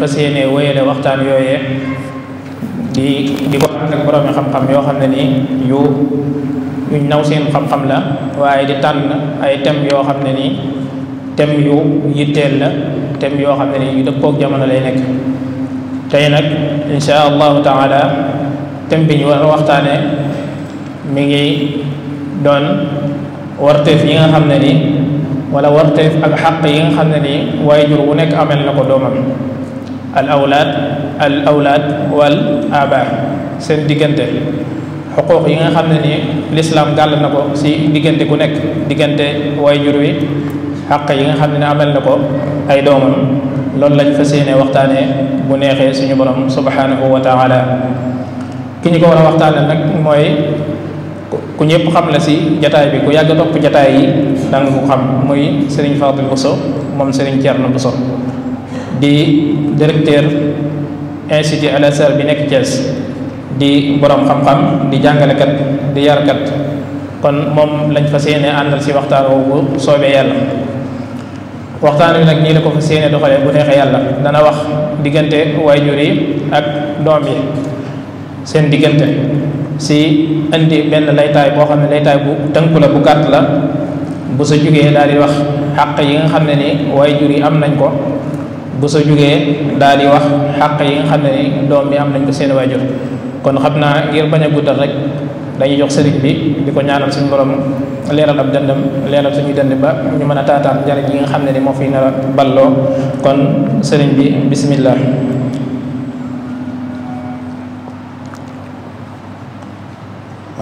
fas yéene wéyale waxtaan yooyee di di ko ànd ak boroomi xam-xam yoo xam ne nii yu yuñ naw seen xam-xam la waaye di tànn ay thèmes yoo xam ne nii thèmes yu yitteel la thèmes yoo xam ne nii jamono lay nekk tey nag insha allahu taala thème bi war waxtaane mi ngi doon warteef yi nga xam ne nii wala warteef ak xàq yi nga xam ne nii waaye jur wu nekk amel na ko doomam al awlaad al awlaad wal aba seen diggante xuquuq yi nga xam ne ni lislaam gàll na ko si diggante ku nekk diggante waajur wi xaq yi nga xam ne amal na ko ay doomam loolu lañ fa yéene waxtaanee bu neexee suñu borom subhanahu wa taala ki ñu ko war a waxtaane nag mooy ku ñëpp xam la si jataay bi ku yàgg topp jataay yi danga ko xam muy Serigne Fatou Bousso moom Serigne Thierno Bousso di directeur institut Al Azhar bi nekk Thiès di boroom xam-xam di jàngalekat di yarkat kon moom lañ fa yéene àndal si waxtaan woowu soobee yàlla waxtaan wi nag ñii la ko fas yéene doxalee bu neexee yàlla dana wax diggante waajur yi ak doom yi seen diggante si indi benn laytaay boo xam ne laytaay bu tënku la bu gàtt la bu sa jógee daal di wax xàq yi nga xam ne ni jur yi am nañ ko bu sa jógee daal di wax xàq yi nga xam ne ni doom bi am nañ ko seen waajur kon xam naa ngir bañ a guddal rek dañuy jox sëriñ bi di ko ñaanal suñu borom leeral ab dëndam leeral suñuy dënd ba ñu mën a taataan njariñ yi nga xam ne ni moo fi nar a balloo kon sëriñ bi bismillah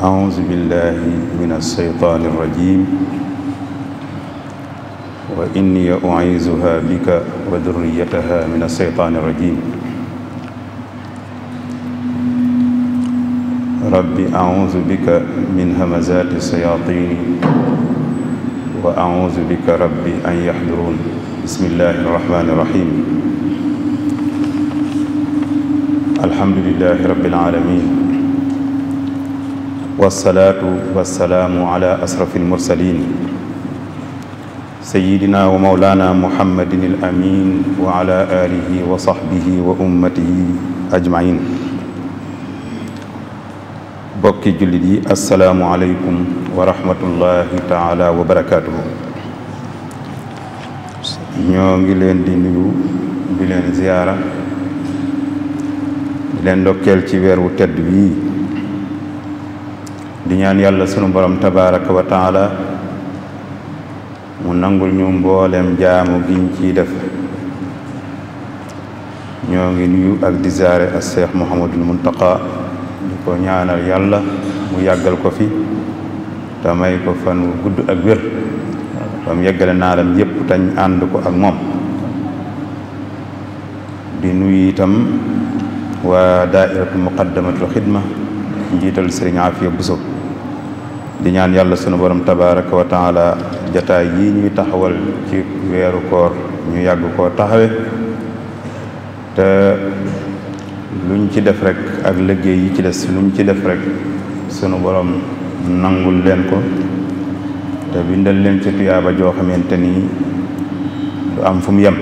أعوذ بالله من الشيطان الرجيم wa inni u'iizuha bika wa durriyataha min ash-shaytaani rajiim rabbi a'uuzu bika min hamazaati shayaatiin wa a'uuzu bika rabbi an yahduruun bismillaahi rahmaani rahiim alhamdulillaahi rabbil aalamiin wassalaatu wassalaamu ala ashrafil mursaliin sayidina wa mawlana muhammadin al amin wa ala wa sahbihi wa ummatihi ajmain bokki jullit yi asalaamu aleykum wa rahmatullahi taala wa barakatuhu ñoo ngi leen di nuyu di leen ziyaara di leen ci weer wu tedd bii di ñaan yàlla sunu borom tabaraka wa taala mu nangul ñu mboolem jaamu giñ ciy def ñoo ngi nuyu ak di ziyaare ak Seex Muhammadul Muntaqa di ko ñaanal yàlla mu yàggal ko fi te may ko fan wu gudd ak wér ba mu yeggale naalam yépp tañ ànd ko ak moom di nuyu itam wa daairatu muqaddamatul xidma njiital sëriñ Afiya Buso di ñaan yàlla sunu borom tabaraka wa la jataay yii ñuy taxawal ci weeru koor ñu yàgg koo taxawe te luñ ci def rek ak liggéey yi ci des luñ ci def rek sunu borom nangul leen ko te bindal leen ci tuyaaba joo xamante ni lu am fu mu yem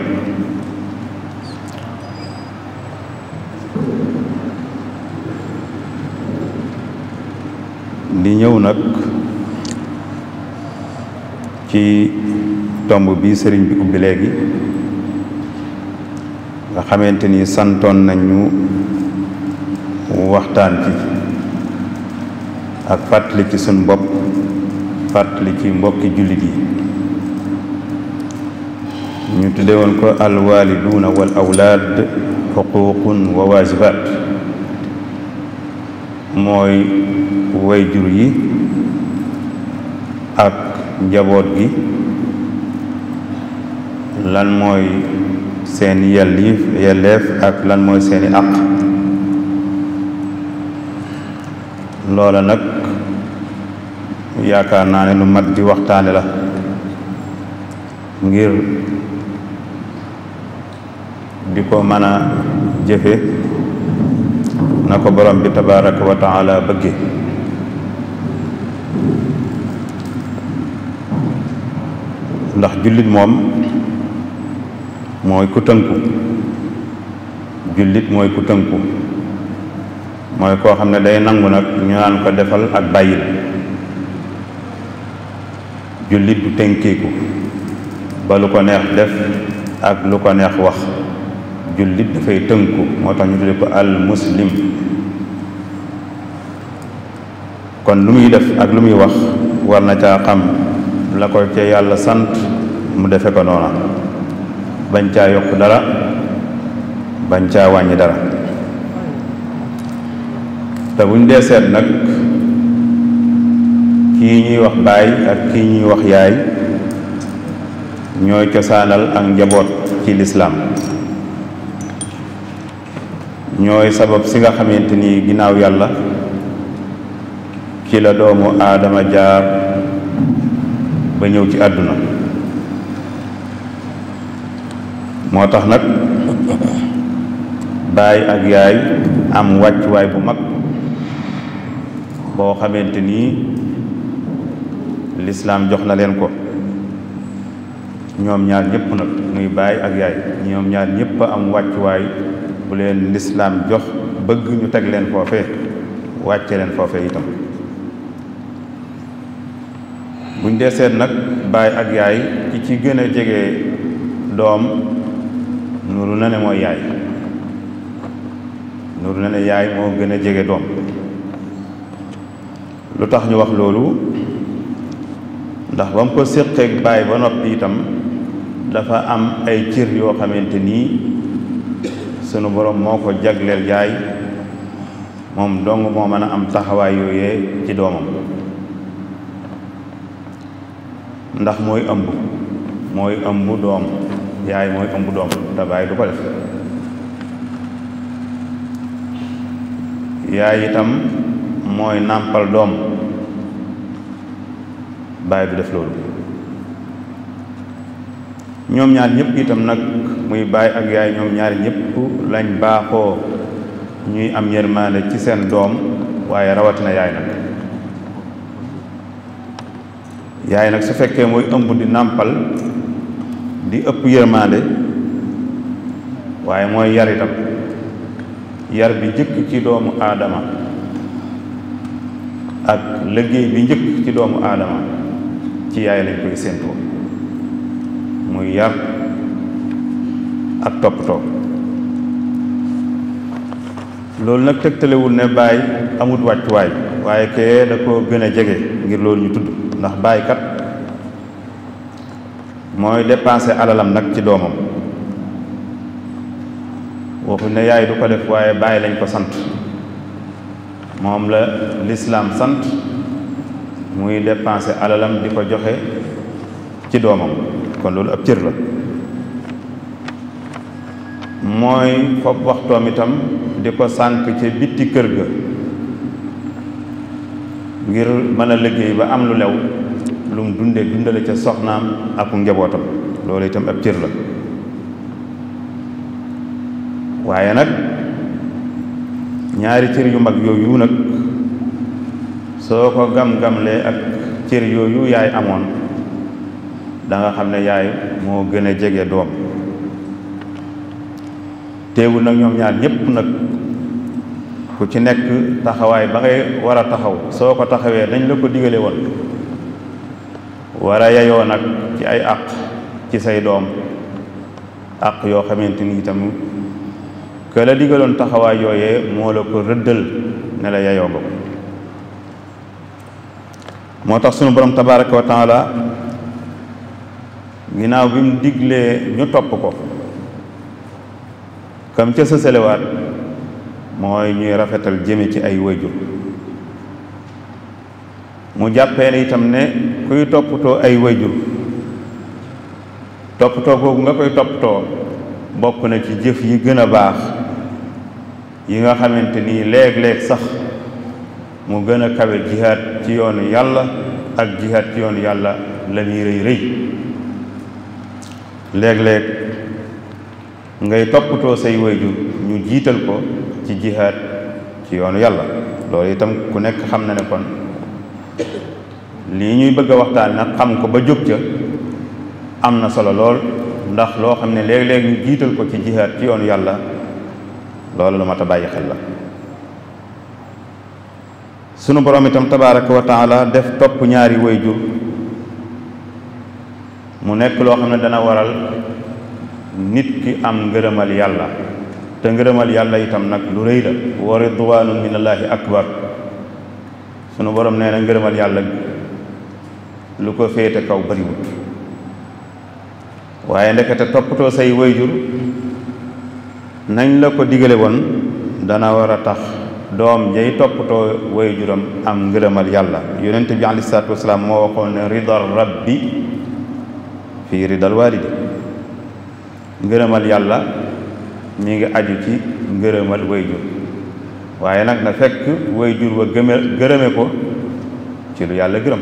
nag ci tomb bi sëriñ bi ubbi léegi nga xamante ni santoon nañu waxtaan ci ak fàttali ci suñ bopp fàttali ci mbokki jullit yi ñu tuddewoon ko alwaaliduuna wal awlaad xuququn wa waajibaat mooy way jur yi njaboot gi lan mooy seen yelliif yelleef ak lan mooy seeni àq loola nag yaakaar naa ne lu mat di waxtaane la ngir di ko mën a jëfe na ko borom bi tabaraka wa taala bëgge ndax jullit moom mooy ku tënku jullit mooy ku tënku mooy koo xam ne day nangu nag ñu naan ko defal ak bàyyil jullit du tënkeeku ba lu ko neex def ak lu ko neex wax jullit dafay tënku moo tax ñu tudde ko al muslim kon lu muy def ak lu muy wax war na caa xam la ko ca yàlla sant mu defe ko noona bañ caa yokk dara bañ caa wàññi dara te buñ dee seet nag kii ñuy wax baay ak kii ñuy wax yaay ñooy cosaanal ak njaboot ci lislaam ñooy sabab si nga xamante ni ginnaaw yàlla ki la doomu aadama jaar ba ñëw ci àdduna moo tax nag baay ak yaay am wàccuwaay bu mag boo xamante nii lislaam jox na leen ko ñoom ñaar ñëpp nag muy baay ak yaay ñoom ñaar ñëpp am wàccuwaay bu leen lislaam jox bëgg ñu teg leen foofe wàcce leen foofe itam buñ dee seet nag baay ak yaay ki ci gën a jege doom nuru na ne mooy yaay nuru na ne yaay moo gën a jege doom lu tax ñu wax loolu ndax ba mu ko séqeeg baay ba noppi itam dafa am ay cir yoo xamante nii sunu borom moo ko jagleel yaay moom dong moo mën a am taxawaay yooyee ci doomam ndax mooy ëmb mooy ëmb doom yaay mooy ëmb doom te bàyyi du ko def yaay itam mooy nàmpal doom baay du def loolu ñoom ñaar ñëpp itam nag muy bàyyi ak yaay ñoom ñaar ñëpp lañ baaxoo ñuy am yërmaande ci seen doom waaye rawatina yaay nag yaay nag su fekkee mooy ëmb di nàmpal di ëpp yërmaande waaye mooy yar itam yar bi jëkk ci doomu aadama ak liggéey bi njëkk ci doomu aadama ci yaay lañ koy séentoo muy yar ak toppatoo loolu nag tegtalewul ne bàyyi amut wàccuwaay waaye kee da ko gën a jege ngir loolu ñu tudd ndax baay kat mooy dépensé alalam nag ci doomam waxuñ ne yaay du ko def waaye bàyyi lañ ko sant moom la lislaam sant muy dépensé alalam di ko joxe ci doomam kon loolu ab cër la mooy fopp waxtoom itam di ko sànq ca bitti kër ga ngir mën a liggéey ba am lu lew lu mu dunde dundale ca soxnaam aku njabootam loolu itam ab cër la waaye nag ñaari cër yu mag yooyu nag soo ko gam-gamlee ak cër yooyu yaay amoon danga xam ne yaay moo gën a jege doom teewul nag ñoom ñaar ñépp nag ku ci nekk taxawaay ba ngay war a taxaw soo ko taxawee dañ la ko digale woon war a yayoo nag ci ay àq ci say doom àq yoo xamante ni itam que la digaloon taxawaay yooyee moo la ko rëddal ne la ko moo tax sunu borom tabaraka wa taala ginnaaw bi mu diglee ñu topp ko kam ca sa sësalewaat mooy ñuy rafetal jëme ci ay wayjur mu jàppee ne itam ne kuy toppatoo ay wayjur toppatoo googu nga koy toppatoo bokk na ci jëf yi gën a baax yi nga xamante ni léeg-léeg sax mu gën a kawe jihaat ci yoonu yàlla ak jihaat ci yoonu yàlla la muy rëy rëy léeg-léeg ngay topptoo say wayjur ñu jiital ko ci jihaad ci yoon yàlla loolu itam ku nekk xam na ne kon lii ñuy bëgg a waxtaan nag xam ko ba jóg ca am na solo lool ndax loo xam ne léeg-léeg ñu jiital ko ci jihaad ci yoonu yàlla loolu lu ma a bàyyi xel la sunu borom itam tabaaraka wa taala def topp ñaari wayjur mu nekk loo xam ne dana waral nit ki am ngërëmal yàlla te ngërëmal yàlla itam nag lu rëy la wa ridwaanun minallaahi akbar sunu borom nee na ngërëmal yàlla lu ko féete kaw bariwut waaye ndekete toppatoo say wayjur nañ la ko digale woon dana war a tax doom jay toppatoo wayjuram am ngërëmal yàlla yonent bi aleyhi salaatu wasalaam moo waxoon ne rabbi fii ridal waalidi ngërëmal yàlla mi ngi aju ci ngërëmal wayjur waaye nag na fekk wayjur wa gëme gërëme ko ci lu yàlla gërëm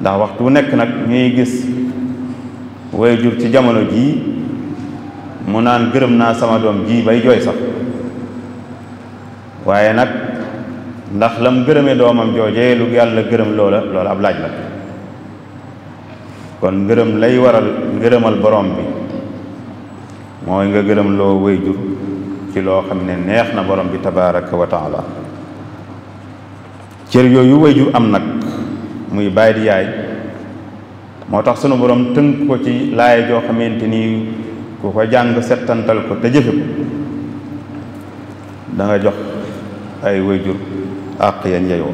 ndax waxtu nekk nag ñuy gis jur ci jamono jii mu naan gërëm naa sama doom ji bay jooy sax waaye nag ndax lam gërëme doomam joojee lu yàlla gërëm loola loola ab laaj la kon ngërëm lay waral ngërëmal borom bi mooy nga gërëm loo wayjur ci loo xam ne neex na borom bi tabaraka wa taala cër yooyu wayjur am nag muy baay di yaay moo tax sunu borom tënk ko ci laay joo xamante ni ku ko jàng setantal ko te jëfe ko da jox ay wayjur àq ya njeyoo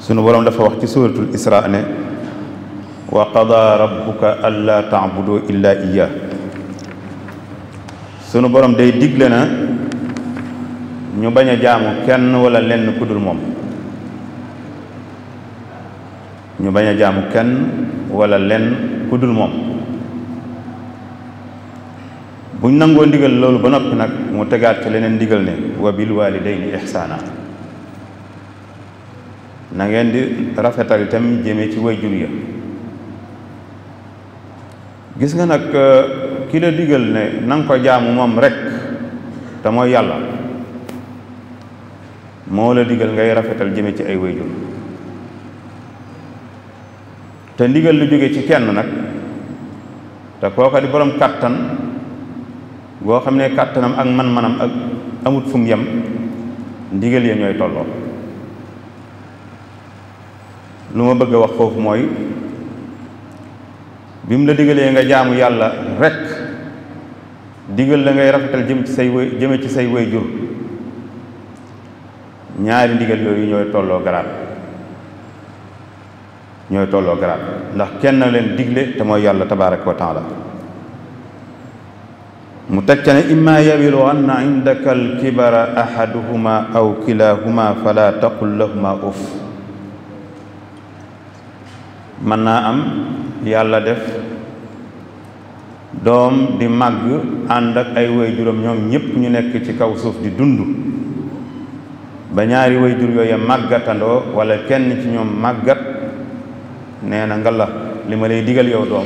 sunu borom dafa wax ci suuratul isra ne wa qada rabbuka alla taabudu illa iya sunu borom day digle na ñu bañ a jaamu kenn walla lenn ku moom ñu bañ a jaamu kenn walla lenn ku dul moom buñ nangoo digal loolu ba noppi nag mu tegaat ci leneen ndigal ne wa bil walidayni ihsaana na ngeen di rafetal itam jëme ci way jur gis nga nag euh, ki la digal ne na ko jaamu moom rek te mooy yàlla moo la digal ngay rafetal jëme ci ay wayjur te ndigal lu jóge ci kenn nag te kooka di borom kàttan boo xam ne kàttanam ak man-manam ak amut fum mu yem ndigal ya ñooy tolloo lu ma bëgg wax foofu mooy bi mu la digalee nga jaamu yàlla rekk digal la ngay rafetal jëm ci say way jëme ci say way jur ñaari ndigal yooyu ñooy tolloo garaat ñooy tolloo garaat ndax kenn leen digle te mooy yàlla tabaaraka wa taala mu teg ca ne imma yabilu anna indaka alkibara ahaduhuma aw kilahuma fala taqul lahuma uf mën naa am yàlla def doom di màgg ànd ak ay way juram ñoom ñëpp ñu nekk ci kaw suuf di dund ba ñaari way jur yooyu màggatandoo wala kenn ci ñoom màggat nee na nga la li ma lay digal yow doom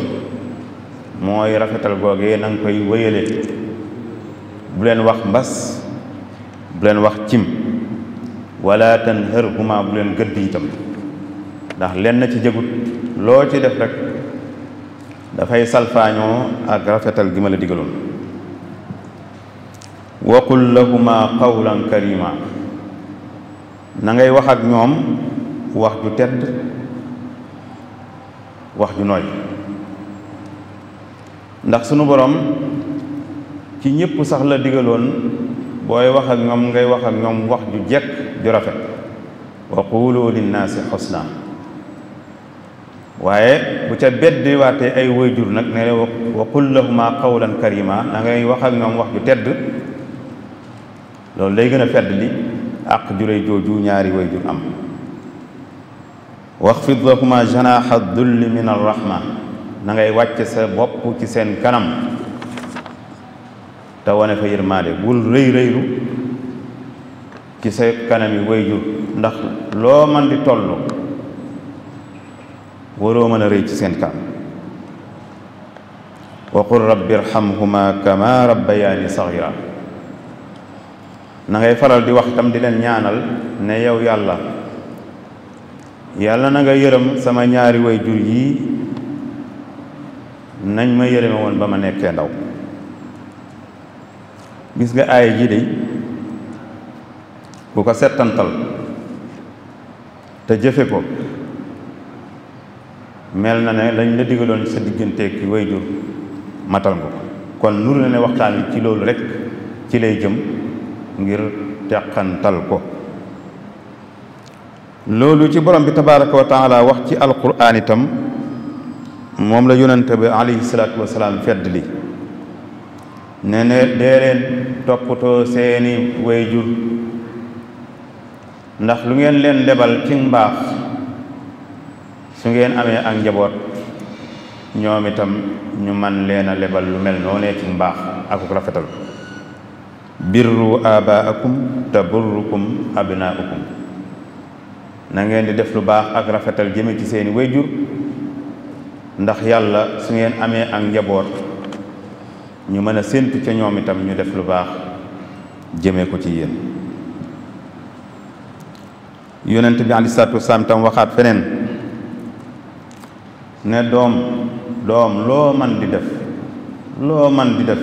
mooy rafetal googee na koy wéyale bu leen wax mbas bu leen wax cim walla tan hër bu bu leen gëdd itam ndax lenn ci jëgut loo ci def rekk dafay salfaañoo ak rafetal gi ma la digaloon waqul lahuma qawlan karima na ngay wax ak ñoom wax ju tedd wax ju nooy ndax sunu boroom ci ñëpp sax la digaloon booy wax ak ñoom ngay wax ak ñoom wax ju jekk ju rafet wa qulu linnaasi xusna waaye bu ca beddi waatee ay wayjur nag ne wa qul lahuma qawlan karima na ngay wax ak ñoom wax ju tedd loolu lay gën a fedd li ak jure jooju ñaari wayjur am waxfid lahuma janaha dulli min arrahma na ngay wàcc sa bopp ci seen kanam te wane fa yërmaande bul rëy rëylu ci sa kanami wayjur ndax loo man di toll waroo mën a rëy ci seen kanam wa qul rabbi irhamhuma kama rabbayaani saxira na ngay faral di wax itam di leen ñaanal ne yow yàlla yàlla na nga yërëm sama ñaari way jur yi nañ ma yërëme woon ba ma nekkee ndaw gis nga aaya ji de ku ko settantal te jëfe ko mel na ne lañ la digaloon sa digganteeg ki way jur matal nga ko kon nuru na ne waxtaan ci loolu rek ci lay jëm ngir teqantal ko loolu ci borom bi tabaraka wa la wax ci alquran itam moom la yonante bi alayhi salaatu wasalaam fedd li ne dee leen toppatoo seeni way ndax lu ngeen leen lebal ci mbaax su ngeen amee ak njaboot ñoom itam ñu man leen a lebal lu mel noonee ci mbaax ak rafetal birru abaakum taburrukum abnaakum na ngeen di def lu baax ak rafetal jëme ci seeni wayjur ndax yàlla su ngeen amee ak njaboot ñu mën a séentu ca ñoom itam ñu def lu baax jëmee ko ci yéen yonent bi aleyhi salaatu wasalaam tam waxaat feneen ne doom doom loo man di def loo man di def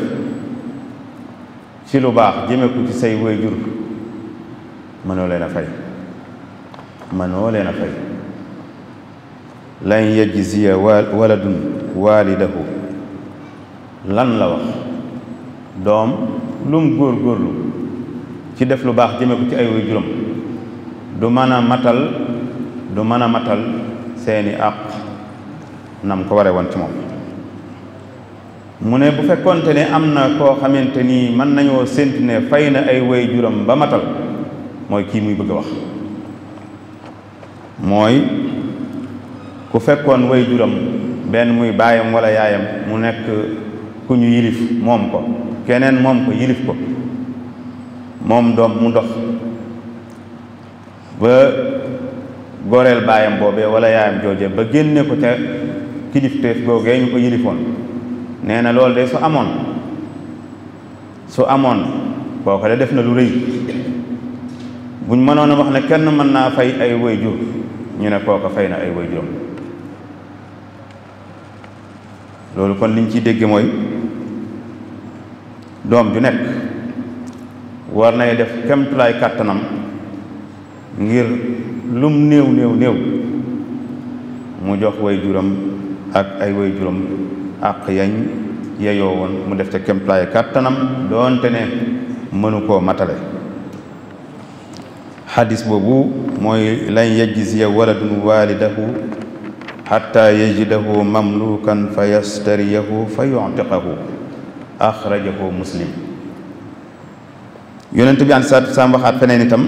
ci lu baax jëme ko ci say waajur mënoo leen a fay mënoo leen a fay lan yajziya waladun waalidahu lan la wax doom lum góor góorlu ci def lu baax jëme ko ci ay waajuram du mën a matal du mën a matal seeni àq nam ko ware woon ci moom mu ne bu fekkoonte ne am na koo xamante nii mën nañoo séntu ne fay na ay way juróom ba matal mooy kii muy bëgg wax mooy ku fekkoon woy juram benn muy baayam walla yaayam mu nekk ku ñu yilif moom ko keneen moom ko yilif ko moom doom mu dox ba goreel baayam boobee walla yaayam jooje ba génne ko ca kilifteef googee ñu ko yilifoon nee na loolu de su amoon su amoon kooka de def na lu rëy buñ mënoon a wax ne kenn mën naa fay ay waajur ñu ne kooka fay na ay waajuram loolu kon liñ ci dégge mooy doom ju nekk war nay def kemtulaay kàttanam ngir lum néew néew néew mu jox juróom ak ay way juróom ak yañ yeyoo woon mu def ca kemplaay kàttanam doonte ne mënu koo matale xadis boobu mooy lan yajziya waladun waalidahu xatta yajidahu mamlukan fa yastariyahu fa yuctiqahu axrajahu muslim yonent bi an saat saam waxaat feneen itam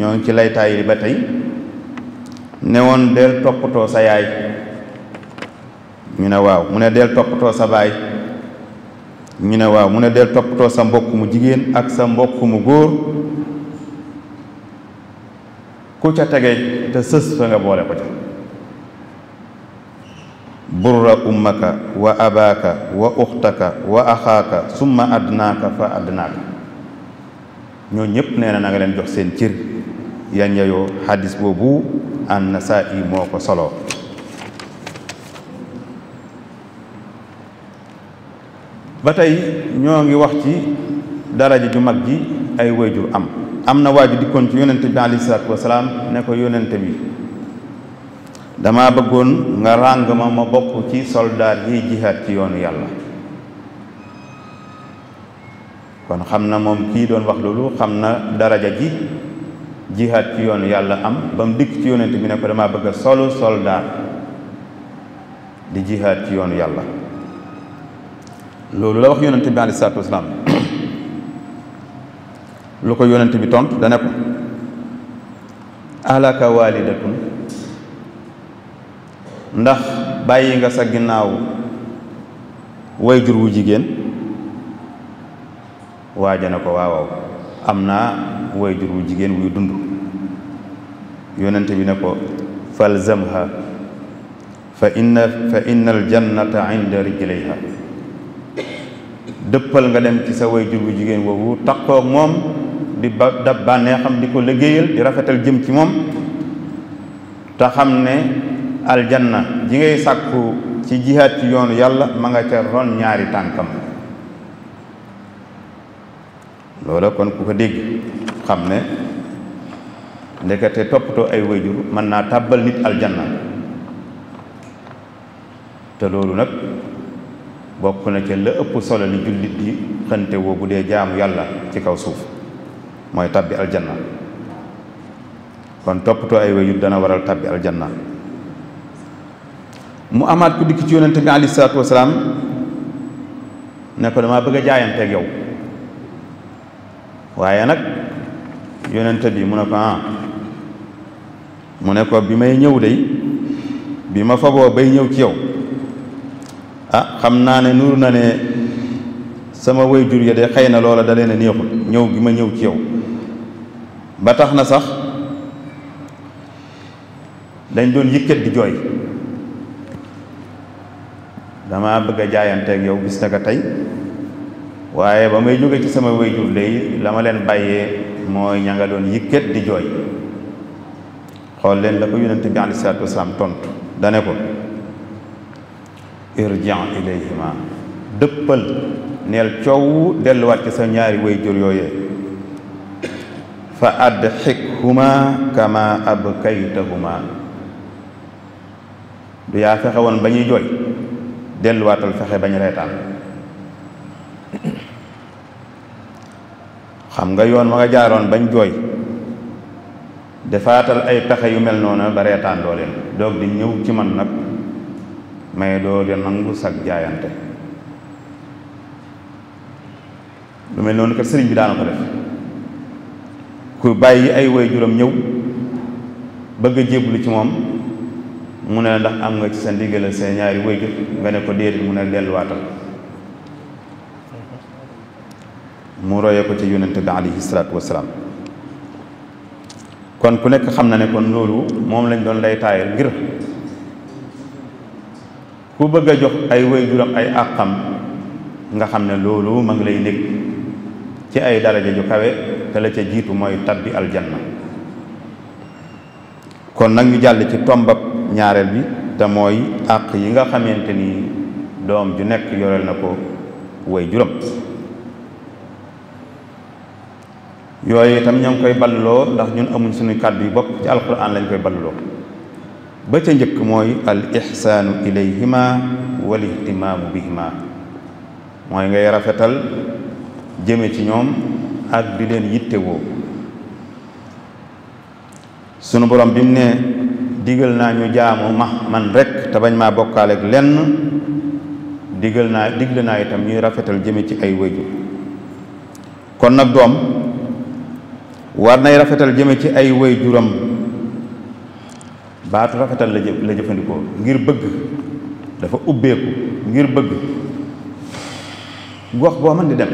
ñoo ngi ci laytaay yi ba tey newoon del toppatoo sa yaay ñu ne waaw mu ne del toppatoo sa baay ñu ne waaw mu ne del toppatoo sa mbokk mu jigéen ak sa mbokk mu góor ku ca tege te sës fa nga boole ko ca burra ummaka wa abaaka wa uxtaka wa axaaka summa adnaaka fa adnaaka ñoo ñépp nee na na nga leen jox seen cir yan yayoo xadis boobu an nasaa i moo ko solo ba tey ñoo ngi wax ci daraja ju mag ji ay wayjur am am na waaju dikkoon ci yonente bi alayhi salaatu wasalaam ne ko yonente bi dama bëggoon nga ràng ma ma bokk ci soldaar yi jihaat ci yoonu yàlla kon xam na moom kii doon wax loolu xam na daraja ji jihaat ci yoonu yàlla am ba mu dikk ci yonente bi ne ko dama bëgg a solu soldaar di jihaat ci yoonu yàlla loolu la wax yonent bi aleyhi salaatu wasalaam lu ko yonent bi tontu dane ko ndax bàyyi nga sa ginnaaw wayjur wu jigéen waaja na ko waawaaw am naa jur wu jigéen wuy dund yonent bi ne ko falzamha fa inna fa inna aljannata inda rijlayha dëppal nga dem ci sa way jur bu jigéen boobu taqoog moom di ba dab bànnee xam di ko liggéeyal di rafetal jëm ci moom te xam ne aljanna ji ngay sàkku ci jihaat ci yoonu yàlla ma nga ca ron ñaari tànkam loola kon ku ko dégg xam ne ndekete toppatoo ay wayjur mën naa tàbbal nit aljanna te loolu nag bokk na ca la solo li jullit yi xënte bu dee jaamu yàlla ci kaw suuf mooy tabbi aljanna kon toppatoo ay wéyut dana waral tabbi aljanna mu amaat ku dikk ci yonente bi aleyhi salaatu wasalaam ne ko damaa bëgg a jaayanteeg yow waaye nag yonente bi mu ne ko ah mu ne ko bi may ñëw day bi ma faboo bay ñëw ci yow ah xam naa ne nuur na ne sama way jur ya de xëy na loola da leen a neexul ñëw gi ma ñëw ci yow ba tax na sax dañ doon yëkkat di jooy dama bëgg a jaayanteeg yow gis a tey waaye ba may jóge ci sama way jur léegi la ma leen bàyyee mooy ña nga doon yëkkat di jooy xool leen la ko yonente bi aleyhi salaatu wasalaam dane ko irjaan ilayhima dëppal neel coow delluwaat ci sa ñaari way jur yooyee fa adxikhuma kama abkaytahuma du yaa fexe woon ba ñuy jooy delluwaatal fexe bañ reetaan xam nga yoon ma nga jaaroon bañ jooy defaatal ay pexe yu mel noonu ba reetaan doo leen doog di ñëw ci man nag may dooja nangu sag jaayante lu mel noonu kat sëriñ bi daana ko def ku bàyyi ay way juróom ñëw bëgg a jébbalu ci moom mu ne ndax am nga ci sa ndigalal sa ñaari way jur nga ne ko déedéet mu ne delluwaatal mu royee ko ci yonent bi alayhi salaatu wasalaam kon ku nekk xam na ne kon loolu moom lañ doon lay taayal ngir ku bëgg a jox ay waajuram ay àqam nga xam ne loolu ma ngi lay nekk ci ay daraja ju kawe te la ca jiitu mooy tabbi aljanna kon nag ñu jàll ci tombab ñaareel bi te mooy àq yi nga xamante ni doom ju nekk yoreel na ko waajuram yooyu itam ñoo ngi koy balloo ndax ñun amuñ suñu kàddu yi bopp ci alquran lañ koy balloo ba ca njëkk mooy al ixsaanu ilayhima wal ihtimaamu bihima mooy ngay rafetal jëme ci ñoom ak di leen yittewoo sunu borom bi mu ne digal naa ñu jaamu ma man rekk te bañ maa bokkaale lenn digal naa digle naa itam ñuy rafetal jëme ci ay wayjur kon nag doom war nay rafetal jëme ci ay wayjuram baatu rafetal la la jëfandikoo ngir bëgg dafa ubbeeku ngir bëgg gox boo mën di dem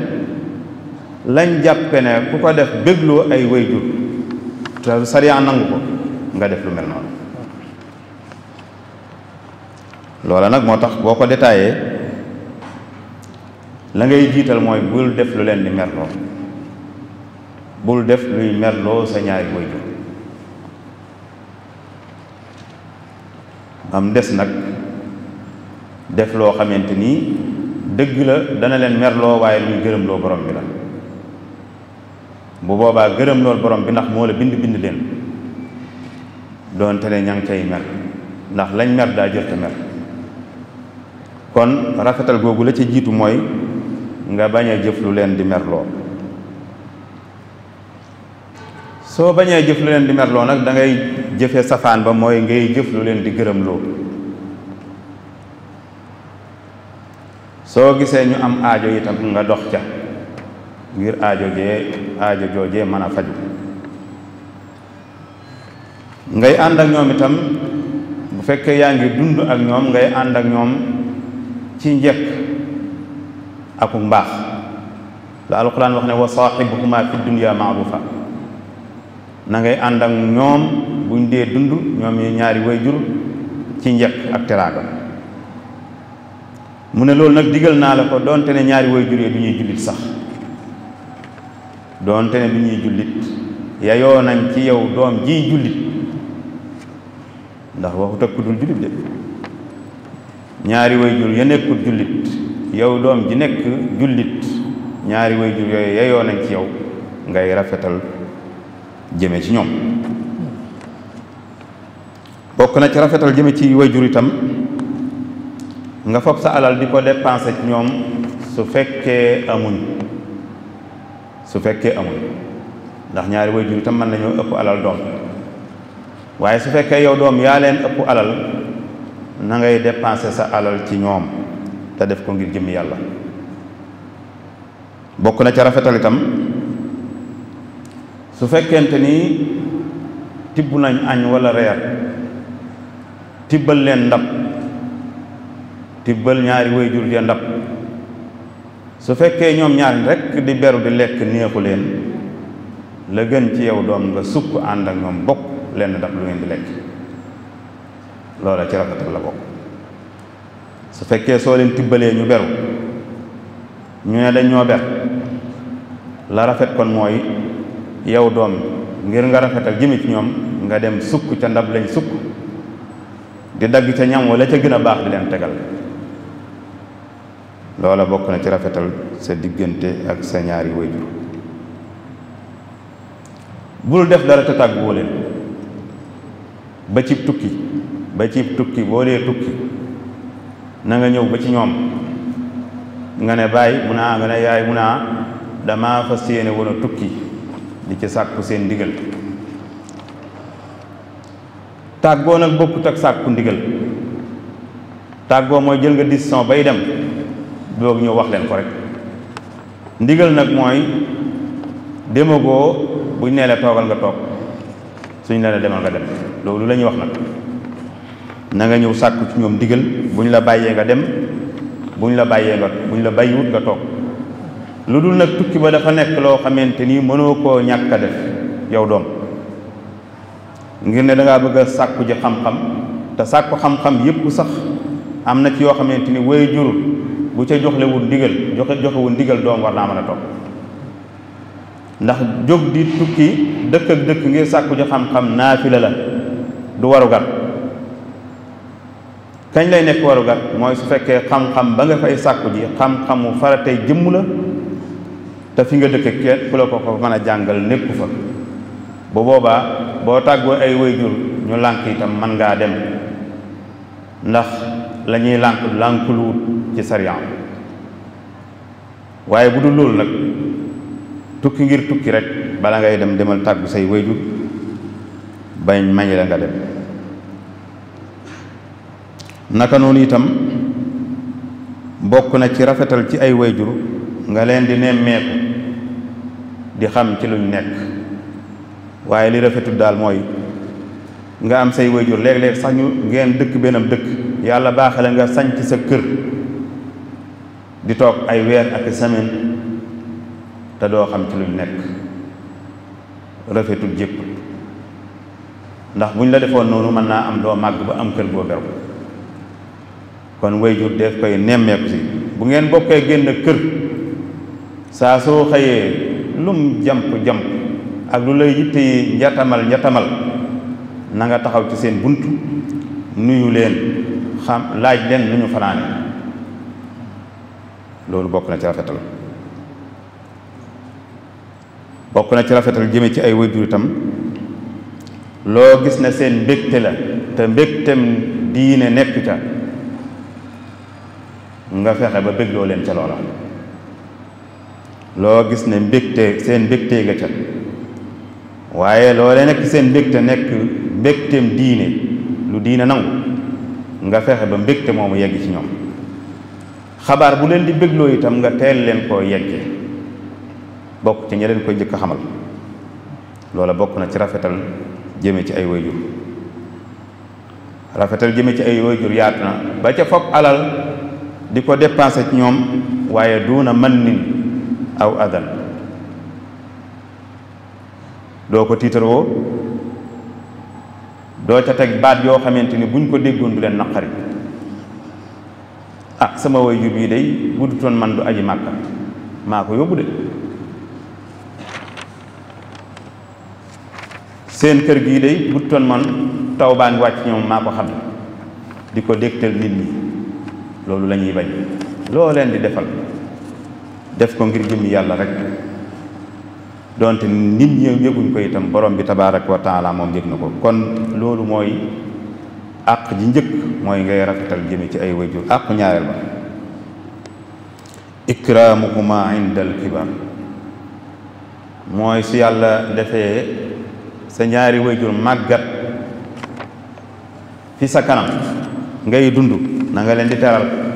lañ jàppe ne ku ko def bégloo ay wayjur te sariya nangu ko nga def lu mel noonu loola nag moo tax boo ko détaillé la ngay jiital mooy bul def lu leen di merloo bul def luy merloo sa ñaari wayjur am des nag def loo xamante ni dëgg la dana leen merloo waaye luy gërëm loo borom bi la bu boobaa gërëm loolu borom bi ndax moo la bind bind leen doonte ne ña ngi cay mer ndax lañ mer daa jël te mer kon rafetal googu la ca jiitu mooy nga bañ a jëf lu leen di merloo soo bañee jëf leen di merloo nag da ngay jëfe safaan ba mooy ngay jëflu leen di gërëm loo soo gisee ñu am aajo yitam nga dox ca ngir aajo jee aajo joojee mën a faju ngay ànd ak ñoom itam bu fekkee yaa ngi dund ak ñoom ngay ànd ak ñoom ci njëkk ak mbaax la alquran wax ne wa saaxibuhuma fi dunya maarufa na ngay ànd ak ñoom buñ dee dund ñoom yi ñaari way jur ci njëkk ak teraanga mu ne loolu nag digal naa la ko doonte ne ñaari way jur du ñuy jullit sax doonte ne du ñuy jullit yayoo ci yow doom ji jullit ndax waxu jur ya yow doom ji nekk jullit ñaari way jur yooyu yayoo nañ ci yow ngay rafetal jëme ci ñoom bokk na ci rafetal jëme ci wayjur itam nga fob sa alal di ko dépensé ci ñoom su fekkee amuñ su fekkee amuñ ndax ñaari wayjur itam mën nañoo ëpp alal doom waaye su fekkee yow doom yaa leen ëpp alal na ngay dépensé sa alal ci ñoom te def ko ngir jëm yàlla bokk na ca rafetal itam su fekkente ni tibb nañ añ walla reer tibbal leen ndab tibbal ñaari jur ya ndab su fekkee ñoom ñaari rekk di beru di lekk néexu leen la gën ci yow doom nga sukk ànd ak ñoom bokk leen ndab lu ngeen di lekk loola ci rafetal la bokk su fekkee soo leen tibbalee ñu beru ñu ne dañ ñoo ber la rafet kon mooy yow doom ngir nga rafetal jëmi ñoom nga dem sukk ca ndab lañ sukk di dagg ca ñam wala ca gën a baax di leen tegal loola bokk na ci rafetal sa diggante ak sa ñaari wayjur bul def dara te tàgguwoo leen ba ci tukki ba ci tukki boo dee tukki na nga ñëw ba ci ñoom nga ne bàyyi mun naa nga ne yaay mun naa damaa fas yéene woon tukki di ci sàkku seen ndigal tàggoo nag bokkut ak sàkku ndigal tàggoo mooy jël nga décision bay dem doog ñëw wax leen ko rek ndigal nag mooy demagoo buñ nee la toogal nga toog suñ la ne demal nga dem loolu la ñuy wax nag nanga ñëw sàkku ci ñoom ndigal ñu la bàyyee nga dem ñu la bàyyee nga buñ la bàyyiwut nga toog lu dul nag tukki ba dafa nekk loo xamante ni mënoo koo ñàkk def yow doom ngir ne dangaa bëgg a sàkku ji xam-xam te sàkku xam-xam yépp sax am na ci yoo xamante ni way jur bu ca joxlewul ndigal joxe joxewul ndigal doom war mën a topp ndax jóg di tukki dëkk ak dëkk ngir sàkku ji xam-xam naafila la du warugar kañ lay nekk warugar mooy su fekkee xam-xam ba nga fay sàkku ji xam-xamu faratey jëmm la te fi nga dëkk kenn ku ko ko mën a jàngal nekku fa bu boobaa boo tàggoo ay wayjur ñu lànk itam mën ngaa dem ndax la ñuy lànk ci sariyaan waaye bu dul loolu nag tukki ngir tukki rek bala ngay dem demal tàggu say wayjur bañ mañi la nga dem naka noonu itam bokk na ci rafetal ci ay wayjur nga leen di nemmeeku di xam ci luñ nekk waaye li rafetul daal mooy nga am say wayjur léeg-léeg sax ñu ngeen dëkk benn dëkk yàlla baax la nga sañ ci sa kër di toog ay weer ak semaine te doo xam ci luñ nekk rafetul jëpp ndax buñ la defoon noonu mën naa am doo màgg ba am kër goo beru kon way jur def koy nemmeeku si bu ngeen bokkee génn kër saa soo xëyee lum jamp-jamp ak lu la yitte yi njatamal njatamal na nga taxaw ci seen bunt nuyu leen xam laaj leen nu ñu fanaane loolu bokk na ci rafetal bokk na ci rafetal jëme ci ay waajur itam loo gis ne seen mbégte la te mbégtem diine nekk nga fexe ba bégloo leen ca loola loo gis ne mbégte seen mbégte nga ca waaye loolee nekk seen mbégte nekk mbégteem diine lu diine nangu nga fexe ba mbégte moomu yegg ci ñoom xabaar bu leen di bégloo itam nga teel leen koo yegge bokk ci ña leen koy njëkk a xamal loola bokk na ci rafetal jëme ci ay wayjur rafetal jëme ci ay wayjur yaatu na ba ca fopp alal di ko dépensé ci ñoom waaye duuna man nin aw adan doo ko tiitaroo doo ca teg baat yoo xamante ni buñ ko déggoon du leen naqari ah sama way jub yi day buddutoon man du aji màkka maa ko yóbbu de seen kër gii day buddutoon man taw baa ngi wàcc ñoom maa ko xam di ko dégtal nit ñi loolu lañuy ñuy bañ loo leen di defal def ko ngir jëmmi yàlla rek donte nit ñi yëguñ ko itam borom bi tabaaraka wa taala moom yëg na ko kon loolu mooy àq ji njëkk mooy ngay rafetal jëme ci ay wayjur àqu ñaareel ba ikraamuhuma inda al kibar mooy su yàlla defee sa ñaari wayjur màggat fi sa kanam ngay dund na leen di teral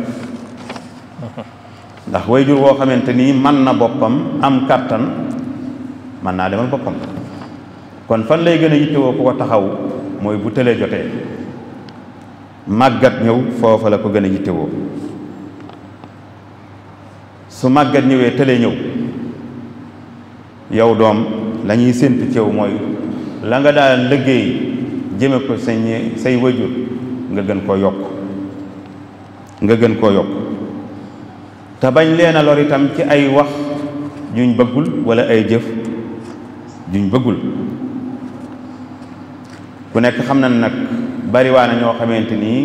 ndax way wayjur woo xamante ni man na boppam am kàttan mën naa demal boppam kon fan lay gën a yittewoo ku ko taxaw mooy bu tëlee jotee màggat ñëw foofa la ko gën a yittewoo su màggat ñëwee tëlee ñëw yow doom lañuy ñuy séntu mooy la nga daal liggéey jëme ko sañ say wayjur nga gën koo yokk nga gën koo yokk te bañ leen a lor itam ci ay wax juñ bëggul wala ay jëf juñ bëggul ku nekk xam na nag bariwaa na ñoo xamante nii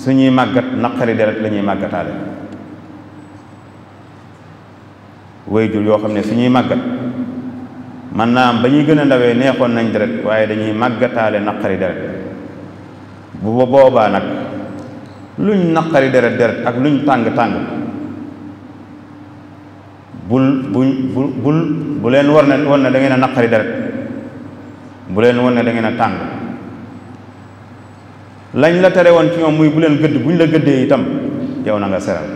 suñuy màggat naqari deret lañuy ñuy màggataale wayjur yoo xam ne suñuy màggat man naa am ba ñuy gën a ndawee neexoon nañ deret waaye dañuy màggataale naqari deret bu boobaa nag luñ naqari deret deret ak luñ tàng-tàng buñ bu bu bu leen war na war ne da ngeen a naqari deret bu leen war na da na tàng lañ la tere woon ci ñoom muy bu leen gëdd buñ la gëddee itam yow na nga seral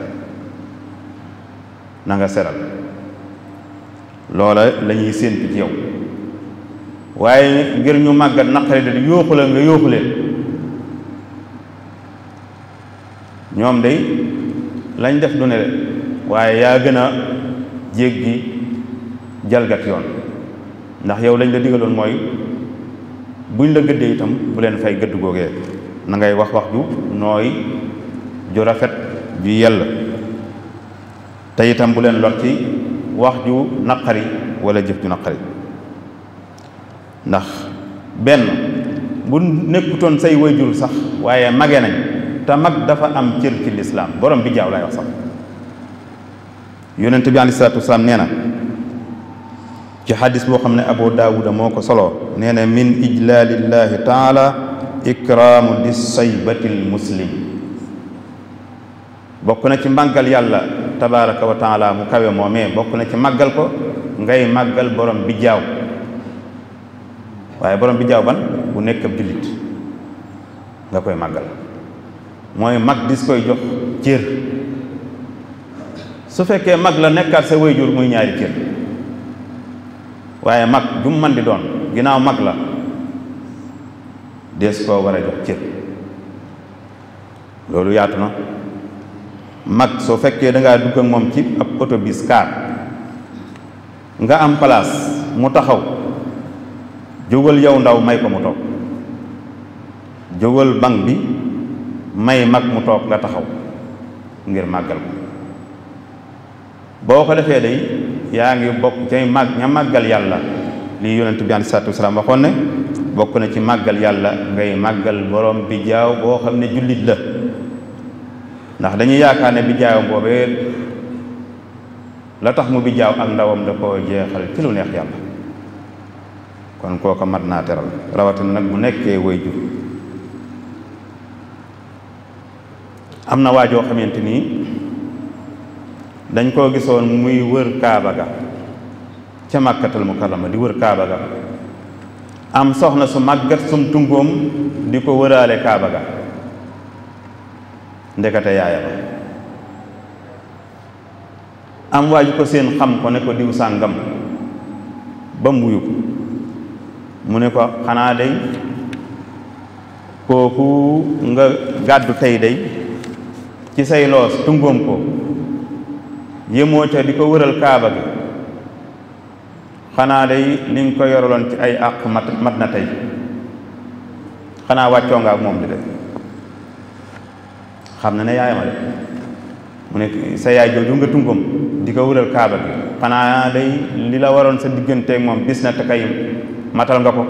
na nga seral loola lañuy ñuy séentu yow waaye ngir ñu màggat naqari deret yooxu la nga yooxu leen ñoom day lañ def du ne de waaye yaa gën jéeg jéggi jalgat yoon ndax yow lañ la digaloon mooy buñ la gëddee itam bu leen fay gëdd googee na ngay wax wax ju nooy ju rafet ju yell te itam bu leen lor ci wax ju naqari wala jëf ju naqari ndax benn bu nekkutoon say wayjur sax waaye mage nañ te mag dafa am cër ci lislaam borom bi jaaw laay wax sax yonent bi aleyhi salaatu wasalaam nee na ci xadis boo xam ne abu daawuda moo ko solo nee na min ijlaalillahi taala ikraamu di saybatil muslim bokk na ci màggal yàlla tabaraka wa taala mu kawe moomee bokk na ci màggal ko ngay màggal borom bi jaaw waaye borom bi jaaw ban bu nekk ab nga koy màggal mooy mag koy jox cër su fekkee mag la nekkaat sa wayjur muy ñaari cër waaye mag jum man di doon ginnaaw mag la des koo war a jox cër loolu yaatu na mag soo fekkee da ngaa dugg moom ci ab autobus car nga am palaas mu taxaw jógal yow ndaw may ko mu toog jógal banc bi may mag mu toog nga taxaw ngir màggal boo ko defee day yaa ngi bokk ca màgg ña màggal yàlla lii yonent bi aleyhi salaatu wasalaam waxoon ne bokk na ci màggal yàlla ngay màggal borom bi jaaw boo xam ne jullit la ndax dañuy yaakaar ne bi jaawam boobee la tax mu bi jaaw ak ndawam da koo jeexal ci lu neex yàlla kon kooko mat naa teral rawatina nag bu nekkee way jur am na waajoo xamante nii dañ koo gisoon muy wër kaaba ga ca màkkatal mukarrama di wër kaaba ga am soxna su màggat sum tungoom di ko wëraale kaaba ga ndekete yaaya ba am waaju ko seen xam ko ne ko diw sàngam ba mu wuyu ko mu ne ko xanaa day kooku nga gàddu tey day ci say loos tungoom ko yemoo ca di ko wëral kaaba gi xanaa day li nga ko yoraloon ci ay àq mat mat na tey xanaa wàccoo nga ak moom di de xam na ne yaayama de sa yaay jooju nga tungam di ko wëral kaaba gi xanaa day li la waroon sa digganteeg moom bis na matal nga ko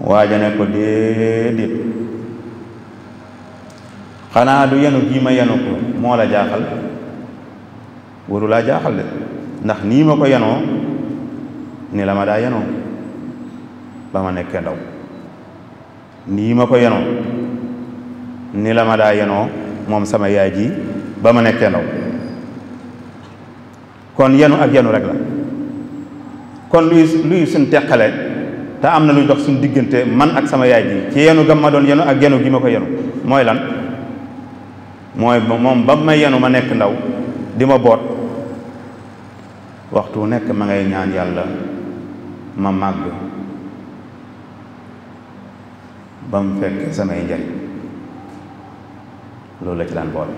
waaja ne ko déedéet xanaa du yenu gii ma yenu ko moo la jaaxal waru laa jaaxal de ndax nii ma ko yenoo ni la ma daa yanoo ba ma nekkee ndaw nii ma ko yanoo ni la ma daa yanoo moom sama yaay ji ba ma nekkee ndaw kon yenu ak yanu rek la kon luy luy suñ teqale te am na luy dox suñ diggante man ak sama yaay ji ci yenu gam ma doon yenu ak yenu gi ma ko yenu mooy lan mooy moom ba may yenu ma nekk ndaw di ma boot waxtu nekk ma ngay ñaan yàlla ma màgg ba mu fekk samay njariñ loolu la ci daan boole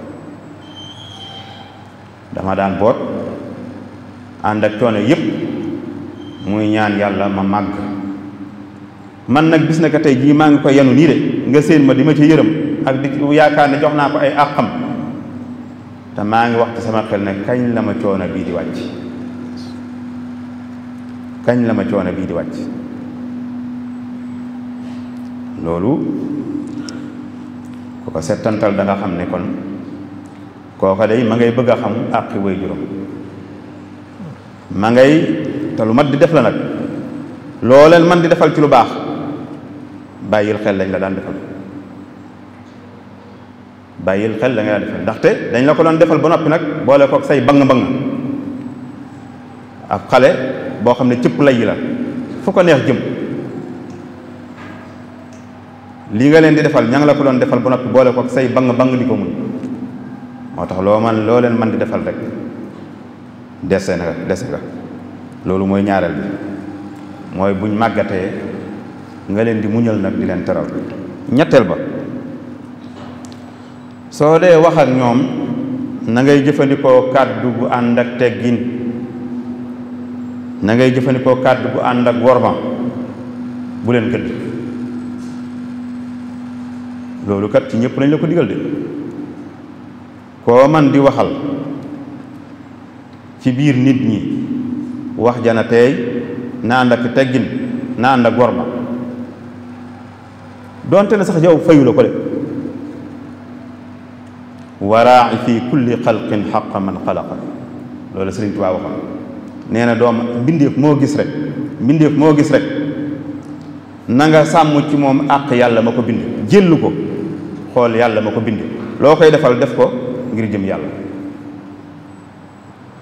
dama daan boot ànd ak coono yépp muy ñaan yàlla ma màgg man nag bis na ko tey jii maa ngi koy yanu nii de nga séen ma di ma ci yërëm ak di yaakaar ne jox naa ko ay àqam te maa ngi wax sama xel ne kañ la ma coono bii di wàcc kañ la ma coono bii di wàcc loolu ku ko settantal da nga xam ne kon kooka day ma ngay bëgg a xam àqi way juróom ma ngay te lu mat di def la nag loo man di defal ci lu baax bàyyil xel lañ la daan defal bàyyil xel la nga daan defal ndaxte dañ la ko doon defal ba noppi nag boole kook say bang bang ab xale boo xam ne cëpp lay la fu ko neex jëm li nga leen di defal ña la ko doon defal ba noppi boole ko ak say bang bang di ko muñ moo tax loo man loo leen man di defal rek dese na dese nga loolu mooy ñaareel bi mooy buñ màggatee nga leen di muñal nag di leen teral ñetteel ba soo dee wax ak ñoom na ngay jëfandikoo kàddu gu ànd ak teggin nangay jëfandikoo kàdd bu ànd ak worma bu leen këdd loolu kat ci ñëpp lañ la ko digal de koo man di waxal ci biir nit ñi wax jana teey na ànd ak teggin na ànd ak worma donte ne sax yow fayu la ko de waraaci fi kulli xalqin xaqa man xalaqa loolu Sëriñ Tuubaa waxoon nee na doom mbindeef moo gis rek mbindeef moo gis rek na nga sàmm ci moom àq yàlla ma ko bind jëllu ko xool yàlla ma ko bind loo koy defal def ko ngir jëm yàlla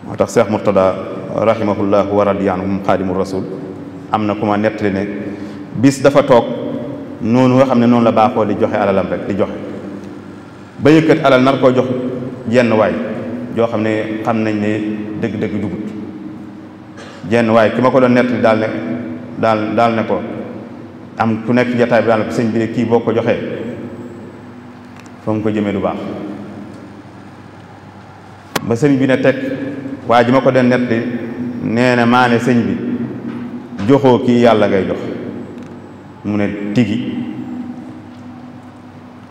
moo tax Cheikh Murtada rahimahullah wa radiyanhum xaadimu rasul am na ku ma nettali ne bis dafa toog noonu nga xam ne noonu la baaxoo di joxe alalam rek di joxe ba yëkkat alal nar koo jox yenn waay joo xam ne xam nañ ne dëgg-dëgg dugut jenn waaye ki ma ko doon nettali daal ne daal daal ne ko am ku nekk jataay bi daal sëñ bi ne kii boo ko joxee fa ko jëmee du baax ba sëñ bi ne teg waa ji ma ko doon nettali nee na maane sëñ bi joxoo kii yàlla ngay jox mu ne tiggi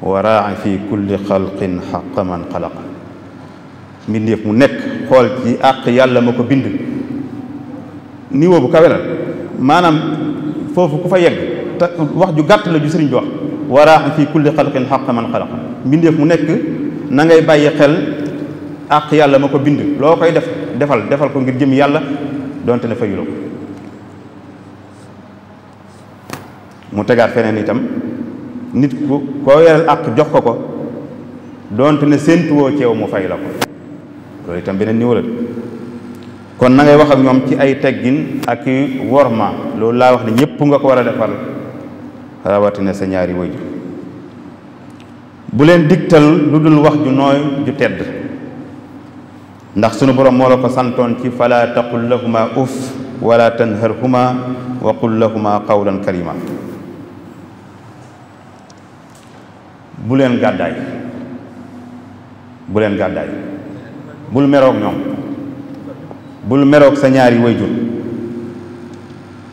waraa fi kulli xalqin xaqa man xalaqa mu nekk xool ci àq yàlla ma ko bind niveau bu kawe maanaam foofu ku fa yegg te wax ju gàtt la ju sëriñ bi wax waraax fii kulli xalqin xaq man xalaq mbindeef mu nekk na ngay bàyyi xel àq yàlla ma ko bind loo koy def defal defal ko ngir jëm yàlla donte ne fayu la ko mu tegaat feneen itam nit ku koo yoreel àq jox ko ko donte ne séentuwoo ceew mu fay la ko loolu itam beneen niveau kon nangay ngay wax ak ñoom ci ay teggin ak worma loolu laa wax ne ñëpp nga ko war a defal rawatina sa ñaari wayju bu leen digtal lu dul wax ju nooy ju tedd ndax sunu boroom moo la ko santoon ci fala taqul lahuma uf wala tanharhuma wa qul lahuma qawlan karima bu leen gàddaay bu leen gàddaay bul meroog ñoom bul meroog sa ñaari wayjur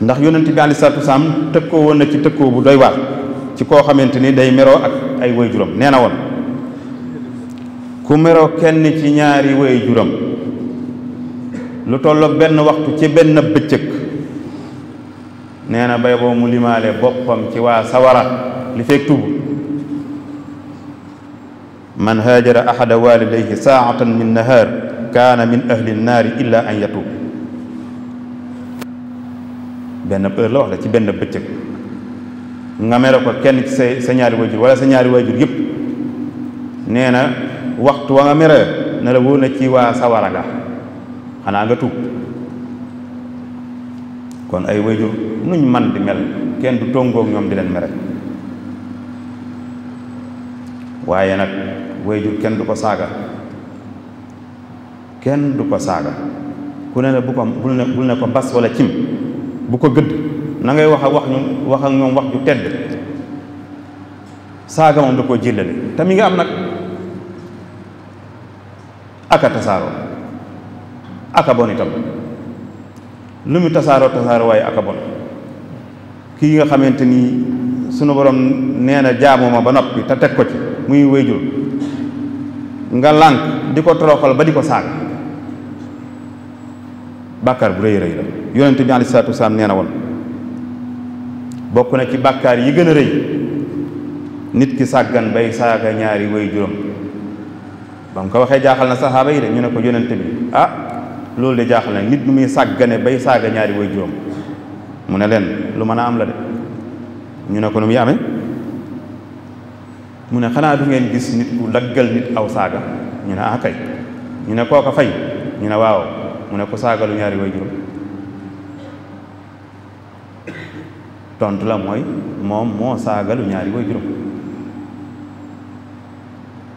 ndax yonent bi aleyhi salaatu wasalaam tëkkoo woon na ci tëkkoo bu doy waar ci koo xamante ni day meroo ak ay wayjuram nee na woon ku meroo kenn ci ñaari wayjuram lu tolloog benn waxtu ci benn bëccëg nee na bay boo mu limaale boppam ci waa sawara li fekk tubu man haajara ahada walidayhi saatan min nahar kaana min naar naari illa an yatub benn heure la wax la ci benn bëccëg nga mere ko kenn ci sa sa ñaari waajur wala sa ñaari waajur yëpp nee na waxtu wa nga mere ne la wóor na ci waa sawara nga xanaa nga tuub kon ay waajur nuñ man di mel kenn du tongoog ñoom di leen mere waaye nag waajur kenn du ko saaga kenn du ko saaga ku ne ne bu ko bul ne bul ne ko bas wala cim bu ko gëdd nangay wax a wax ñu wax ak ñoom wax ju tedd saaga moom da koo jillale te mi ngi am nag aka tasaaroo aka bon itam lu mu tasaaroo tasaaroo waaye aka bon kii nga xamante ni sunu borom nee na jaamu ma ba noppi te teg ko ci muy wéyjul nga lànk di ko toroxal ba di ko saaga bàkkaar bu rëy rëy la yonent bi aleyhi salaatu wasalaam nee na woon bokk na ci bàkkaar yi gën a rëy nit ki sàggan bay saaga ñaari woy juróom ba mu ko waxee jaaxal na saxaaba yi de ñu ne ko yonent bi ah loolu de jaaxal na nit nu muy sàggane bay saaga ñaari woy juróom mu ne leen lu mën a am la de ñu ne ko nu muy amee mu ne xanaa du ngeen gis nit ku laggal nit aw saaga ñu ne ah kay ñu ne kooka fay ñu ne waaw mu ne ku saagalu ñaari way juróom tontu la mooy moom moo saagalu ñaari way juróom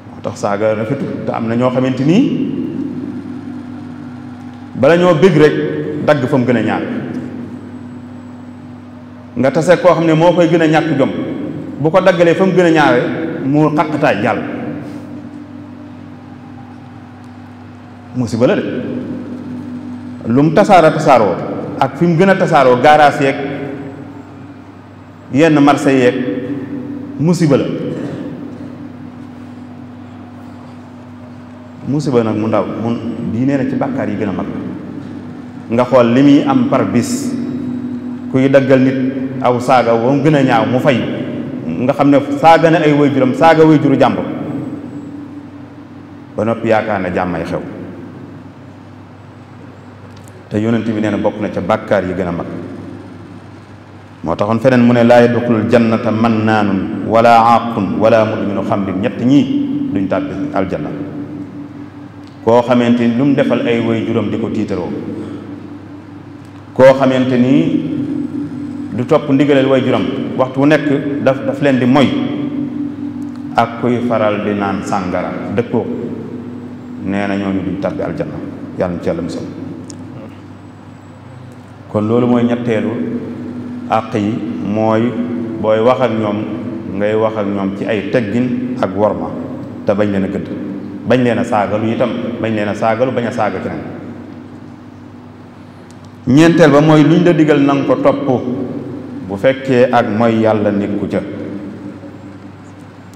moo tax saaga rafetul te am na ñoo xamante nii bala ñoo bëgg rek dagg fa mu gën a ñàkk nga tase koo xam ne moo koy gën a ñàkk jom bu ko daggalee fa mu gën a ñaawe mu xaqataay jàll musiba la de lu mu tasaara tasaaroo ak fi mu gën a tasaaroo gaaraas yeeg yenn marché yeeg musiba la musiba nag mu ndaw mun bii nee na ci bàkkaar yi gën a mag nga xool li muy am par bis kuy daggal nit aw saaga wa mu gën a ñaaw mu fay nga xam ne saaga na ay wayjuram saaga juru jàmbur ba noppi yaakaar ne jàmmay xew te yonent bi nee na bokk na ca bàkkaar yi gën a mag moo taxoon feneen mu ne laa yadxulul jannata mannaanun wala aaqun wala mudminu xamrin ñett ñii duñ tàbbi aljanna koo xamante ni lu defal ay juróom di ko tiitaroo koo xamante ni du topp ndigaleel way juróom waxtu wu nekk daf leen di moy ak faral di naan sàngara dëkkoo nee na ñooñu duñ tàbbi aljanna yàlla na ci yàlla musal kon loolu mooy ñetteelu àq yi mooy booy wax ñoom ngay wax ñoom ci ay teggin ak worma te bañ leen a gëdd bañ leen saagalu itam bañ leen a saagalu bañ a saaga keneen ñeenteel ba mooy luñ la digal na ko topp bu fekkee ak mooy yàlla nekku ca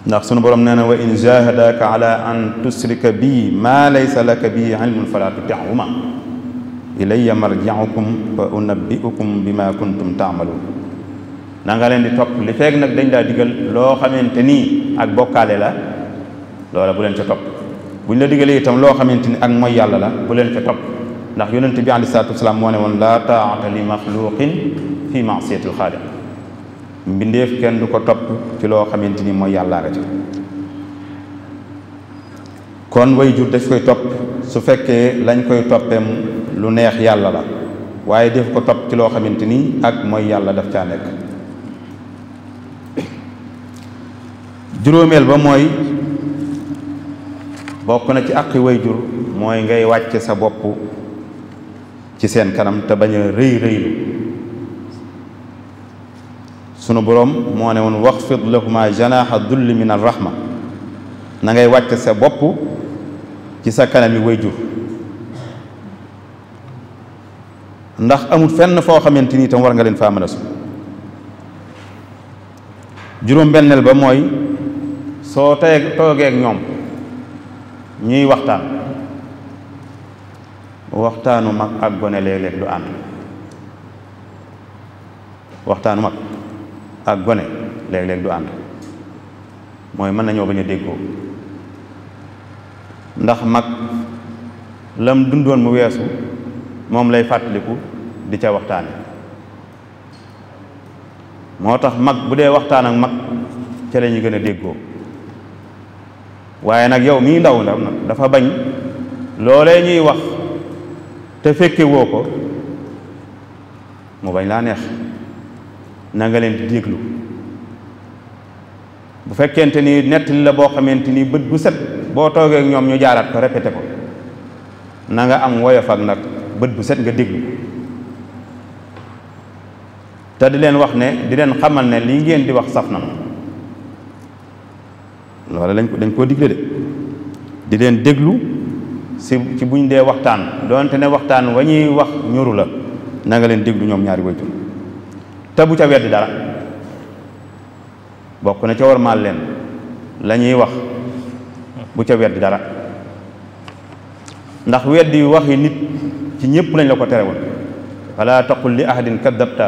ndax sunu borom nee na wa in jahadaka ala an tusrika bi ma laysa laka bi ilmun fala tutihuma ilayya marji'ukum fa unabbi'ukum bima kuntum ta'malun na nga leen di topp li feeg nag dañ daa digal loo xamante ni ak bokkaale la loola bu leen ca topp buñ la digalee itam loo xamante ni ak mooy yàlla la bu leen ca topp ndax yonent bi aleyhi salaatu wasalaam moo ne woon laa taa'ata li maxluqin fi ma'siyatil xaaliq mbindeef kenn du ko topp ci loo xamante ni mooy yàllaa nga ci kon way jur daf koy topp su fekkee lañ koy toppeem lu neex yàlla la waaye def ko topp ci loo xamante ni ak mooy yàlla def caa nekk juróomeel ba mooy bokk na ci àqi way jur mooy ngay wàcce sa bopp ci seen kanam te bañ a rëy rëylu sunu boroom moo ne woon waxfid lahumaa janaaxa dulli min ar na ngay wàcc sa bopp ci sa kanami yi way jur ndax amul fenn foo xamante ni itam war nga leen faa mën a su juróom-benneel ba mooy soo tey toogee ñoom ñuy waxtaan waxtaanu mag ak gone léeg-léeg du ànd waxtaanu mag ak gone léeg-léeg du ànd mooy mën nañoo bañ a déggoo ndax mag lam dundoon mu weesu moom lay fàttaliku di ca waxtaane moo tax mag bu dee waxtaan ak mag ca la ñu gën a déggoo waaye nag yow mii ndaw ndam nag dafa bañ loole ñuy wax te fekke woo ko mu bañ laa neex na nga leen di déglu bu fekkente ni nettali la boo xamante ni bët bu set boo toogee ñoom ñu jaaraat ko répété ko nanga am woyof ak nag bët bu set nga déglu te di leen wax ne di leen xamal ne li ngeen di wax saf na ma loolu lañ ko dañ koo digle de di leen déglu si ci buñ dee waxtaan doonte ne waxtaan wa ñuy wax ñoru la na nga leen déglu ñoom ñaari waytu te bu ca weddi dara bokk na ca war maal leen la ñuy wax bu ca weddi dara ndax weddi waxi nit ci ñépp lañ la ko terewoon fala taqul li ahadin kadabta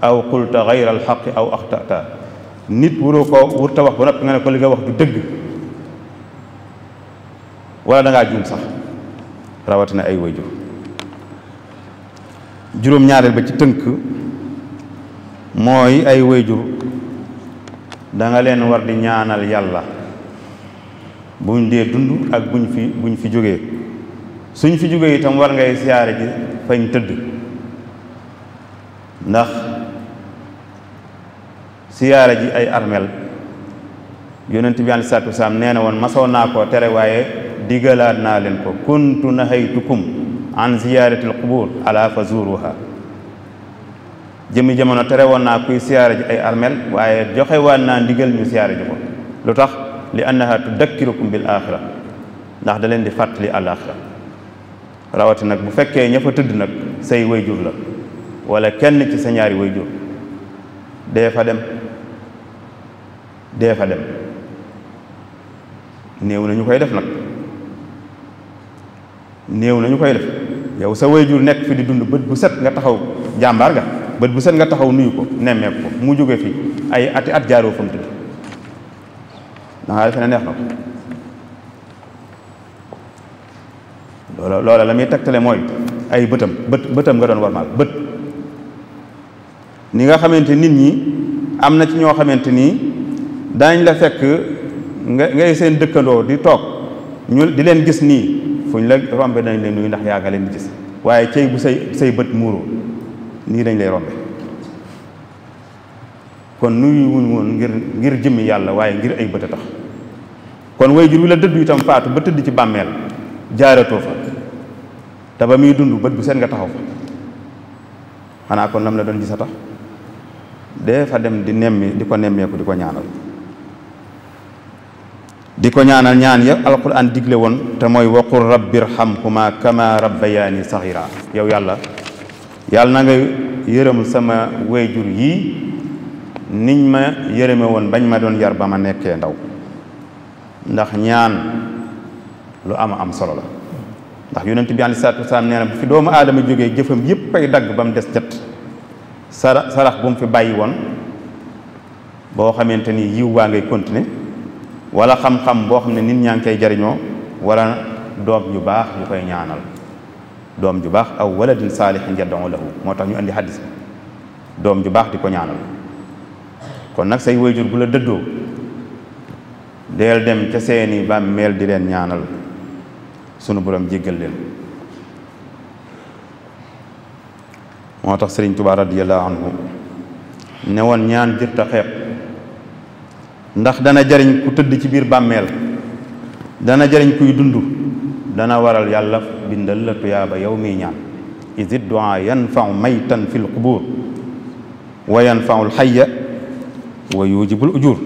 aw qulta gayra alxaqi aw axtata nit wuroo ko wurta wax ba noppi nga ne ko li nga wax du dëgg wala da ngaa sax rawatina ay wayjur juróom-ñaareel ba ci tënk mooy ay wayjur danga leen war di ñaanal yàlla buñ dee dund ak buñ fi buñ fi jógee suñ fi jógee itam war ngay siyaare ji fañ tëdd ndax siyaare ji ay armeel yonent bi aleyhi salaatu wasalaam nee na woon masoo naa ko tere waaye digalaat naa leen ko kuntu nahaytukum an ziyaaratil qubur ala fa zuruha jëmi jamono tere woon naa kuy siyaare ji ay armeel waaye joxe naa ndigal ñu siyaare ji ko lu tax li annaha tudakkirukum bil axira ndax da leen di fàttali àlaxira rawati nag bu fekkee ña tëdd nag say wayjur la wala kenn ci sa ñaari wayjur dee fa dem dee fa dem néew na ñu koy def nag néew na ñu koy def yow sa wayjur nekk fi di dund bët bu set nga taxaw jàmbaar nga bët bu set nga taxaw nuyu ko nemmeeku ko mu jóge fi ay ati at jaaroo fa tëdd da ngaa defe ne neex na ko loola la muy tegtale mooy ay bëtam bët bëtam nga doon warmaal bët ni nga xamante nit ñi am na ci ñoo xamante nii dañ la fekk nga ngay seen dëkkandoo di toog ñu di leen gis nii fu ñu la rombe dañ leen nuyu ndax yaa nga leen di gis waaye cey bu say say bët muuroo nii dañ lay rombe kon nuyu wuñ woon ngir ngir jëmmi yàlla waaye ngir ay bët a kon way jur wi la dëddu itam faatu ba tëdd ci bàmmeel jaaratoo fa te muy dund bët bu seen nga taxaw fa xanaa kon lam la doon gis a tax dee fa dem di nemmi di ko nemmeeku di ko ñaanal di ko ñaanal ñaan ya alquran digle woon te mooy waqul rabbi irhamhuma kama rabbayaani saxira yow yàlla yàlla na nga yërëm sama way jur yii niñ ma yërëme woon bañ ma doon yar ba ma nekkee ndaw ndax ñaan lu am am solo la ndax yonent bi aleyhi salaatu wasalaam nee na bu fi doomu aadama jóge jëfam yëpp ay dagg ba mu des jët sara sarax bu mu fi bàyyi woon boo xamante ni yiw waa ngay continuer wala xam-xam boo xam ne nit ñaa ngi koy jariñoo wala doom ju baax ñu koy ñaanal doom ju baax aw waladin saalihin yad'u lahu moo tax ñu indi xaddis doom ju baax di ko ñaanal kon nag say wayjur bu la dëddoo deel dem ca seeni bàmmeel di leen ñaanal sunu borom jéggal leen moo tax sëriñ Tuubaa radiyallaahu anhu ne woon ñaan jërta xeeb ndax dana jariñ ku tëdd ci biir bàmmeel dana jariñ kuy dund dana waral yàlla bindal la tuyaaba yow miy ñaan isid duaa yanfau maytan fil qubur wa yanfaul xayya wa yuujibul ujur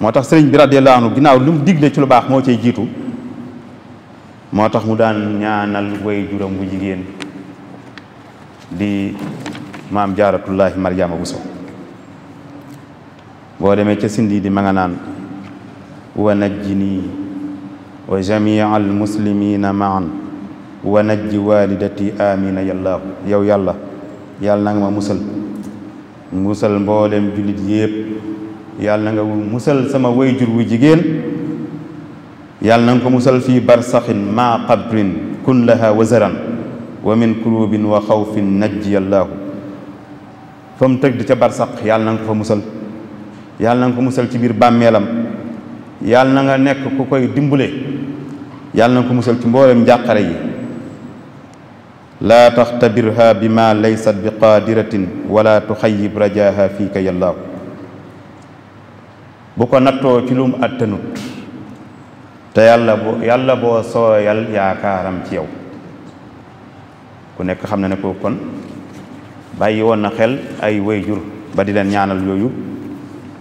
moo tax sëriñ bi radiyallahu anhu ginnaaw lu mu digle ci lu baax moo cay jiitu moo tax mu daan ñaanal way juram bu jigéen di maam jaaratullahi maryaama buso boo demee ca sindi di ma naan wa najjini wa jamia al muslimina maan wa najji walidati amina yàlla yow yàlla yàlla na nga ma musal musal mboolem jullit yépp yàlla na nga musal sama wayjur wu jigéen yàlla na ko musal fii barsaxin maa qabrin kun laha wazaran wa min kurubin wa xawfin najjiyallaahu fa mu ca barsax yàlla na nga ko fa musal yàlla na ko musal ci biir bàmmeelam yàlla na nga nekk ku koy dimbale yàlla na ko musal ci mboolem njàqare yi laa taxtabirha bi ma bi qaadiratin wala tuxayib rajaha fii ka bu ko nattoo ci lum attanut te yàlla boo yàlla boo sooyal yaakaaram ci yow ku nekk xam na ne ko kon bàyyi woon na xel ay wayjur ba di leen ñaanal yooyu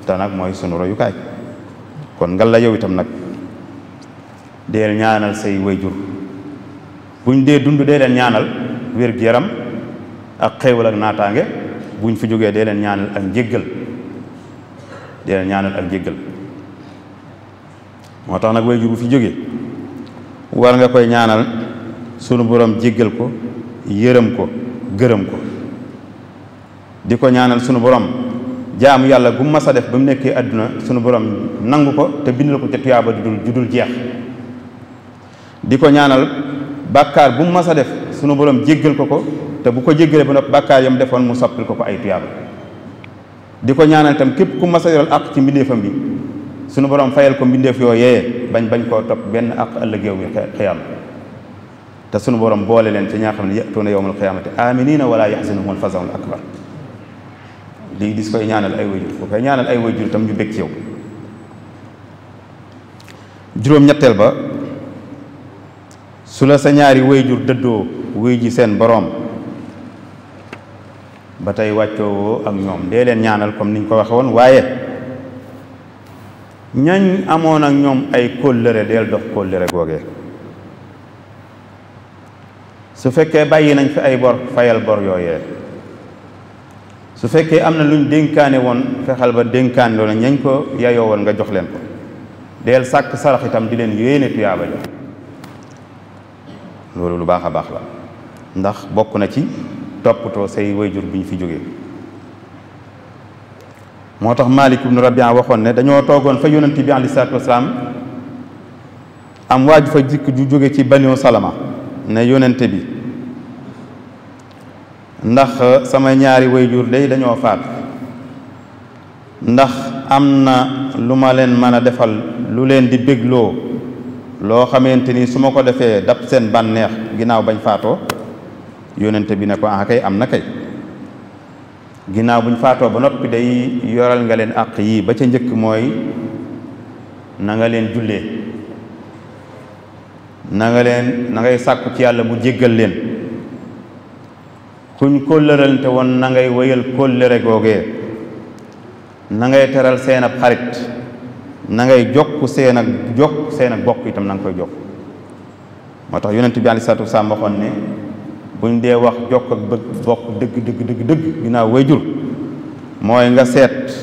te nag mooy sunu royukaay kon ngal la yow itam nag deel ñaanal say wayjur buñ dee dund dee leen ñaanal wér-gu-yaram ak xéewal naataange buñ fi jógee dee leen ñaanal ak njéggal di ñaanal ak jéggal moo tax nag waajur bu fi jóge war nga koy ñaanal sunu borom jéggal ko yërëm ko gërëm ko di ko ñaanal sunu borom jaamu yàlla gu mas a def ba mu nekkee àdduna sunu borom nangu ko te bindal ko ca tuyaaba ju dul jeex di ko ñaanal bàkkaar bu mu mas a def sunu borom jéggal ko ko te bu ko jéggalee ba noppi bàkkaar yam defoon mu soppil ko ko ay tuyaaba di ko ñaanal tam képp ku mas a yoral àq ci mbindeefam bi sunu borom fayal ko mbindeef yooyee bañ bañ koo topp benn àq ëllëg yow mi xiyaam te sunu borom boole leen ci ñaa xam ne yatuuna yowmal xiyaamati aminina wala yaxsinuhum al fazaul akbar lii dis koy ñaanal ay wayjur bu koy ñaanal ay wayjur itam ñu bég ci yow juróom-ñetteel ba su la sa ñaari wayjur dëddoo wuy ji seen boroom ba tey wàccoowoo ak ñoom dee leen ñaanal comme niñ ko waxe woon waaye ñañ amoon ak ñoom ay kóllëre deel dox kóllëre googee su fekkee bàyyi nañ fi ay bor fayal bor yooyee su fekkee am na luñ dénkaane woon fexeel ba dénkaane loola ñañ ko yayoo woon nga jox leen ko deel sàkk sarax itam di leen yéene tuyaaba ja loolu lu baax a baax la ndax bokk na ci toppatoo say wayjur bi ñu fi jógee moo tax Maalik ibnu Rabia waxoon ne dañoo toogoon fa yonent bi aleyhi salaatu wasalaam am waaju fa jikk ju jóge ci Banu Salama ne yonent bi ndax sama ñaari wayjur day dañoo faatu ndax am na lu ma leen mën a defal lu leen di bégloo loo xamante ni su ma ko defee dab seen bànneex ginnaaw bañ faatoo yónnente bi ne ko ah, am na kay ginnaaw buñ faatoo ba noppi day yoral nga leen àq yii ba ca njëkk mooy nanga leen jullee nanga leen na ngay sàkku ci yàlla mu jéggal leen kuñ kóllëralante woon na ngay wéyal kóllëre googee nangay teral seena ab xarit na ngay jokk seen ak jokk bokk itam na nga koy jokk moo tax yonent bi aleyhi salaatu wasalaam buñ dee wax jokk ak bëgg bokk dëgg dëgg dëgg dëgg ginnaaw wayjur mooy nga seet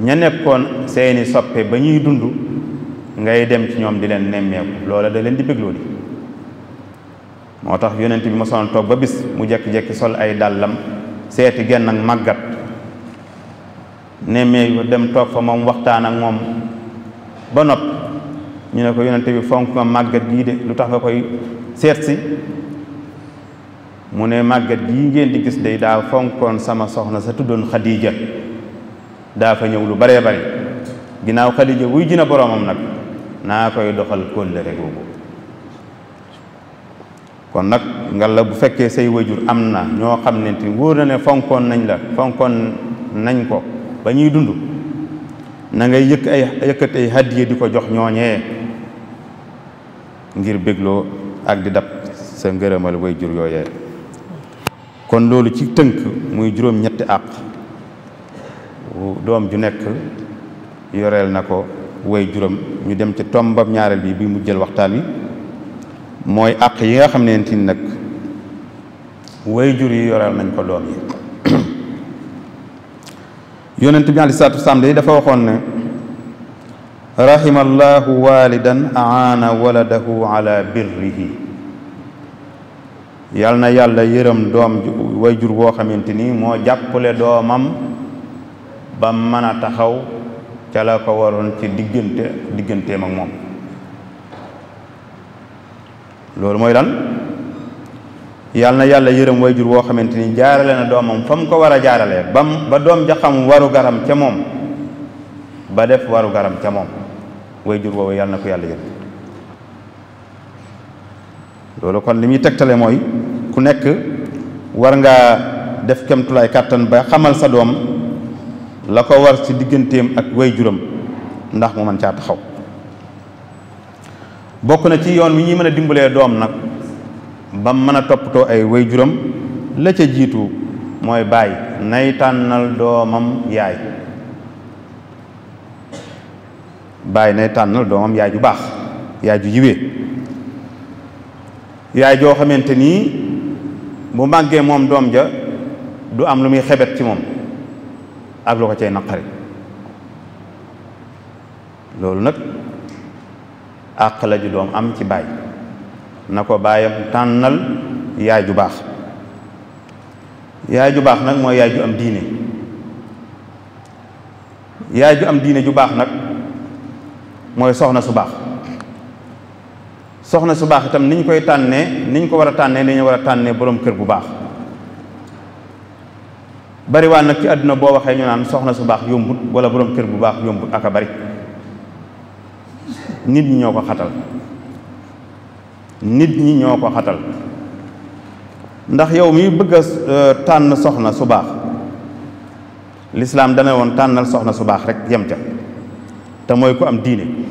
ña nekkoon seeni soppe ba ñuy dund ngay dem ci ñoom di leen nemmeewu loola da leen di bégloo di moo tax yonent bi mosoon toog ba bis mu jekki-jekki sol ay dàllam seeti genn ak màggat nemmeeku dem toog fa moom waxtaan ak moom ba nopp ñu ne ko yonent bi fonk nga màggat gii de lu tax nga koy seet si mu ne màggat gii ngeen di gis day daa fonkoon sama soxna sa tuddoon Khadija daa fa ñëw lu baree bari ginnaaw Khadija wuy jina boroomam nag naa koy doxal kóllëre googu kon nag ngalla bu fekkee say wajur am na ñoo xam ne te wóor na ne fonkoon nañ la fonkoon nañ ko ba ñuy dund na ngay yëkk ay yëkkat ay hadiya di ko jox ñooñee ngir bégloo ak di dab sa ngërëmal wajur yooyee kon loolu ci tënk muy juróom-ñetti àq doom ju nekk yoreel na ko way juróom ñu dem ci tombam ñaareel bi bi mu jël waxtaan wi mooy àq yi nga xam ne tin nag way jur yi yoreel nañ ko doom yi yonent bi aleyhi salaatu dafa waxoon ne rahimallahu walidan aana waladahu ala birrihi yal na yàlla yërëm doom wayjur boo xamante ni moo jàppule doomam ba mën a taxaw ca la ko waroon ci diggante digganteem ak moom loolu mooy lan yal na yàlla yërëm wayjur boo xamante ni jaarale na doomam fa mu ko war a jaarale bam ba doom jaxam xam waru ca moom ba def waru garam ca moom wayjur boobu yal na ko yàlla yërëm loolu kon li muy tegtale mooy ku nekk war ngaa def kemtulaay kàttan ba xamal sa doom la ko war ci digganteem ak way juram ndax mu mën caa taxaw bokk na ci yoon wi ñuy mën a dimbalee doom nag ba mën a toppatoo ay way juram la ca jiitu mooy bàyyi nay tànnal doomam yaay bàyyi nay tànnal doomam yaay ju baax yaay ju yiwee yaay joo xamante nii bu màggee moom doom ja du am lu muy xebet ci moom ak lu ko cay naqari loolu nag àq la ju doom am ci baay na ko baayam tànnal yaay ju baax yaay ju baax nag mooy yaay ju am diine yaay ju am diine ju baax nag mooy soxna su baax soxna su baax itam ni ñu koy tànnee ni ko war a tànnee ni war a tànnee boroom kër bu baax bari waa nag ci àdduna boo waxee ñu soxna su baax yombut wala boroom kër bu baax yombut ak a bari nit ñi ñoo ko xatal nit ñi ñoo ko xatal ndax yow mi bëgg a euh, tànn soxna su baax lislaam dana woon tànnal soxna su baax rek yem ca te mooy ku am diine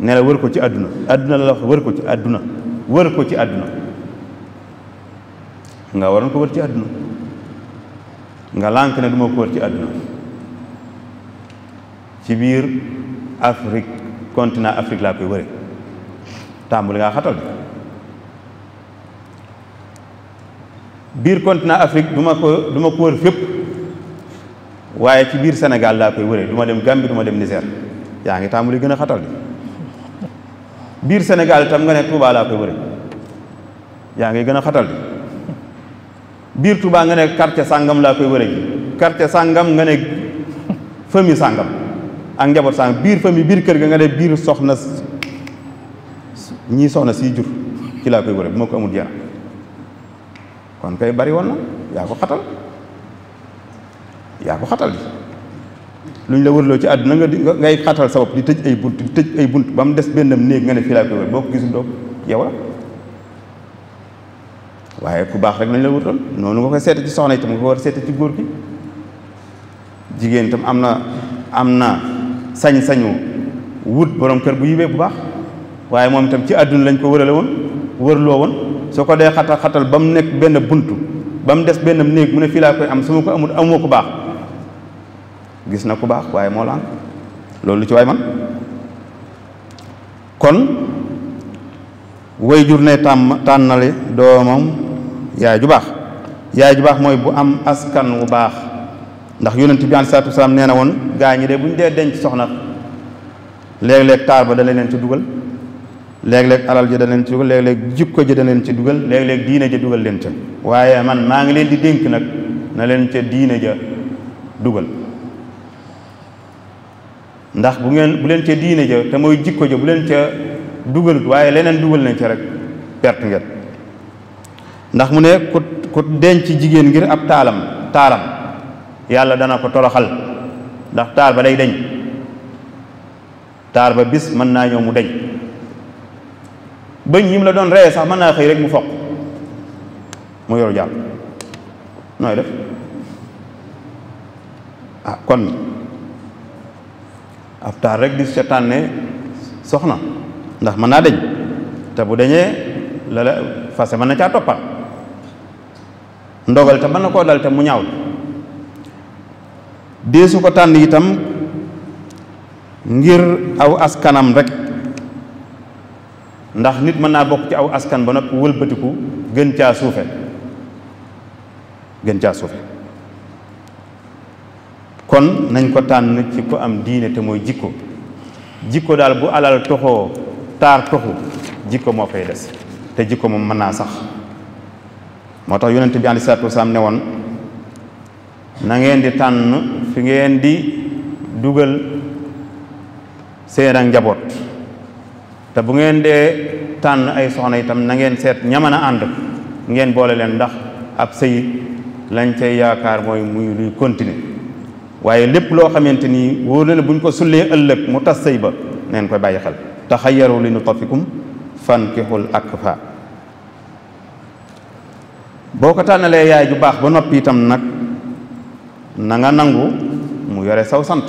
ne la wër ko ci àdduna àdduna la wax wër ko ci àdduna wër ko ci àdduna nga waroon ko wër ci àdduna nga lànk ne du ma ko wër ci àdduna ci biir Afrique continent Afrique laa koy wëre tàmbali ngaa xatal bi biir continent Afrique du ma ko du ma ko wër fépp waaye ci biir Sénégal laa koy wëre du ma dem Gambie du ma dem Niger yaa ngi tàmbali gën a xatal bi biir Sénégal itam nga ne Touba laa koy wëre yaa ngi gën a xatal biir Touba nga ne quartier sàngam laa koy wëre ji quartier sàngam nga ne famille sàngam ak njaboot sàngam biir famille biir kër gi nga ne biir soxna ñii soxna si jur ci laa koy wëre bu ma ko amul jeex kon kay bari woon na yaa ko xatal yaa ko xatal lu ñu la wërloo ci àdduna nga di ngay xatal sa bopp di tëj ay bunt di tëj ay bunt ba mu des bennam néeg nga ne fii laa koy wër boo ko gisul doo ku baax rek lañ la wutal noonu nga koy seete ci soxna itam ko war a seete ci jigéen itam am na am na sañ-sañu wut borom bu yibee bu baax waaye moom itam ci àdduna lañ ko wërale woon wërloo woon soo ko dee xatal ba mu nekk benn bunt ba mu des benn néeg mu ne fii laa koy am su ko amul amoo ku baax gis na ku baax waaye moo lànk loolu lu ci waay man kon way jur ne tàmm tànnale doomam yaay ju baax yaay ju baax mooy bu am askan wu baax ndax yonent bi aleyhi salaatu wasalaam nee na woon gaa ñi de bu ñu dee denc soxna léeg-léeg taar ba da leen ci dugal léeg-léeg alal ji leen ci léeg-léeg jikko ji da leen ci dugal léeg-léeg diine ja dugal leen ca waaye man maa ngi leen di dénk nag na leen ca diine ja dugal ndax bu ngeen bu leen ca diine ja te mooy jikko ja bu leen ca dugal waaye leneen dugal nañ ca rek perte ngeen ndax mu ne ku deñ ci jigéen ngir ab taalam taalam yàlla dana ko toroxal ndax taar ba day deñ taar ba bis mën naa ñëw mu deñ bëñ yi la doon reye sax mën naa xëy rek mu foq mu yoru jàpp nooy def ah kon ab taar rek di seetaan ne soxna ndax mën naa deñ te bu dañee la la fase mën na caa toppa ndogal te mën na koo dal te mu ñaaw dee su ko tànn itam ngir aw askanam rek ndax nit mën naa bokk ci aw askan ba noppi wëlbatiku gën caa suufe gën caa suufe kon nañ ko tànn ci ku am diine te mooy jikko jikko daal bu alal toxoo taar toxu jikko moo fay des te moom mën naa sax moo tax yonent bi aleyhi ne woon na ngeen di tànn fi ngeen di dugal seen njaboot te bu ngeen dee tànn ay soxna itam na ngeen seet ñaman a ànd ngeen boole leen ndax ab sëy lañ cay yaakaar mooy muy luy continuer waaye lépp loo xamante ni wóor na ne buñ ko sullee ëllëg mu tas sëy ba neen koy bàyyi xel taxayaru li nu tafikum fankixul ak fa boo ko tànnalee yaay bu baax ba noppi itam nag nanga nangu mu yore saw sant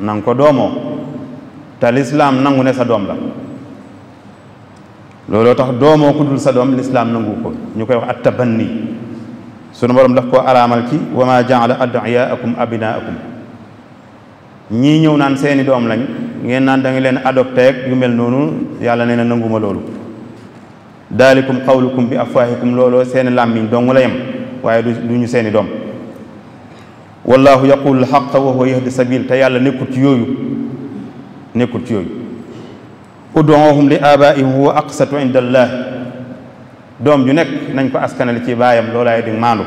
nang ko doomoo te lislaam nangu ne sa doom la looloo tax doomoo ku dul sa doom lislaam nangu ko ñu koy wax at tabanni sunu borom daf koo araamal ci wa ma jaala adiyaakum abinaakum ñii ñëw naan seeni doom lañ ngeen naan da leen adopté ak mel noonu yàlla nee na nanguma loolu daalikum qawlukum bi afwaahikum looloo seeni làmmiñ dong la yem waaye du ñu seeni doom wallahu yaqulu alxaqa wa huwa yahdi sabil te yàlla nekkul ci yooyu nekkul ci yooyu udoohum li abaihim huwa aqsatu inda doom ju nekk nañ ko askanale ci baayam loolaay di maandu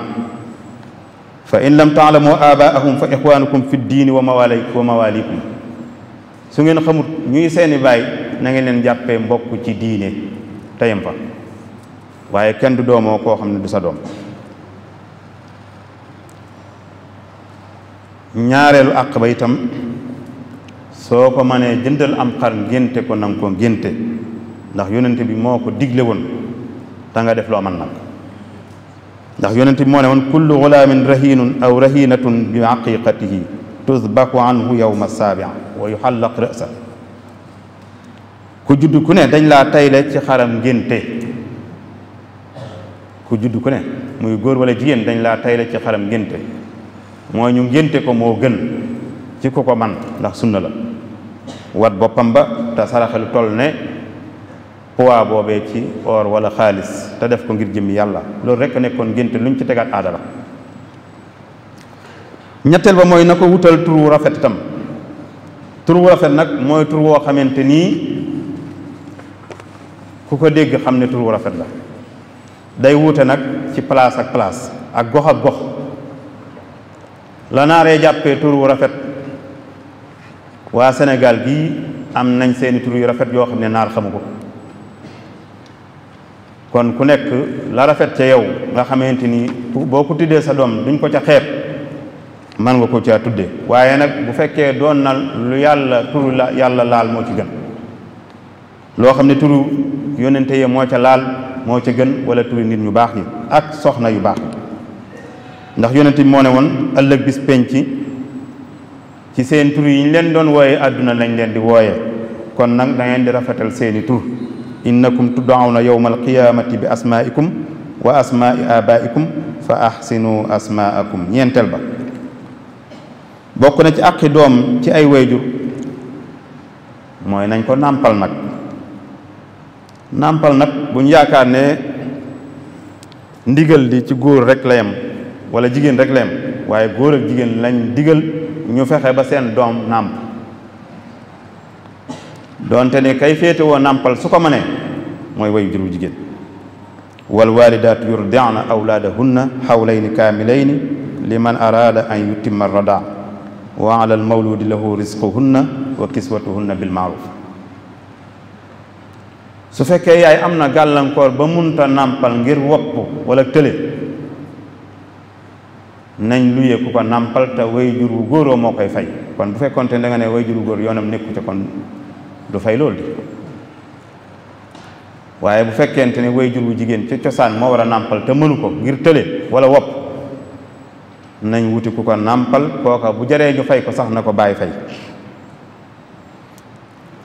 fa in lam taalamu abaahum fa ixwanukum fi diini wa mawalikum wa mawalikum su ngeen xamut ñuy seeni baay na ngeen leen jàppee mbokk ci diine teyam fa waaye kenn du doomoo koo xam ne du sa doom ñaareelu àq ba itam soo ko mënee jëndal am xar ngénte ko nanga ko ngénte ndax yonent bi moo ko digle woon da nga def loo man nag ndax yonent bi moo ne woon kullu gulaamin rahinun aw rahinatun bi aqiqatihi tusbaku anhu yowma saabia wa yuxallaq rasa ku judd ku ne dañ laa tayle ci xaram ngénte ku judd ku ne muy góor wala jigéen dañ laa tayle ci xaram ngénte mooy ñu ngénte ko moo gën ci ku ko man ndax sunna la wat boppam ba te saraxe lu ne poids boobee ci or wala xaalis te def ko ngir jëm yàlla loolu rek nekkoon ngénte ñu ci tegaat aada ñetteel ba mooy na ko wutal tur wu rafet itam tur wu rafet nag mooy tur woo xamante nii ku ko dégg xam ne tur wu rafet la day wuute nag ci place ak place ak gox ak gox la naaree jàppee tur wu rafet waa Sénégal bii am nañ seeni tur yu rafet yoo xam ne naar xamu ko kon ku nekk la rafet ca yow nga xamante ni boo ko tuddee sa doom duñ ko ca xeeb man nga ko caa tuddee waaye nag bu fekkee doon na lu yàlla tur la yàlla laal moo ci gën loo xam ne turu yónnente yi moo ca laal moo ca gën wala turu nit ñu baax ñi ak soxna yu baax ndax yónnente moo ne woon ëllëg bis penc ci seen tur yi ñu leen doon wooyee àdduna lañ leen di wooyee kon nag da di rafetal seeni tur innakum tud'awna yawma alqiyamati bi asmaikum wa asmaai abaikum fa ahsinu asmaakum ñeenteel ba bokk na ci àqi doom ci ay wayjur mooy nañ ko nàmpal nag nàmpal nag bu ñu yaakaar ne ndigal di ci góor rek la yem wala jigéen rek la waaye góor jigéen lañ digal ñu fexe ba seen doom nàmp doonte ne kay féete woo nàmpal su ko mënee mooy way juru jigéen wal walidaatu yurdi'na awlaadahunna xawlayni kaamilayni liman araada an yutimma ar-radaa wa ala al-mawludi lahu rizquhunna wa kiswatuhunna bil ma'ruf su fekkee yaay am na gàllankoor ba munta nàmpal ngir wopp wala tële nañ luye ku ko nampal te way juru góoroo moo koy fay kon bu fekkonte da nga ne way juru góor yoonam nekku ca kon du fay loolu di waaye bu fekkente ne way jur wu jigéen ci cosaan moo war a nàmpal te mënu ko ngir tële wala wopp nañ wuti ku ko nàmpal kooka bu jaree ñu fay ko sax na ko bàyyi fay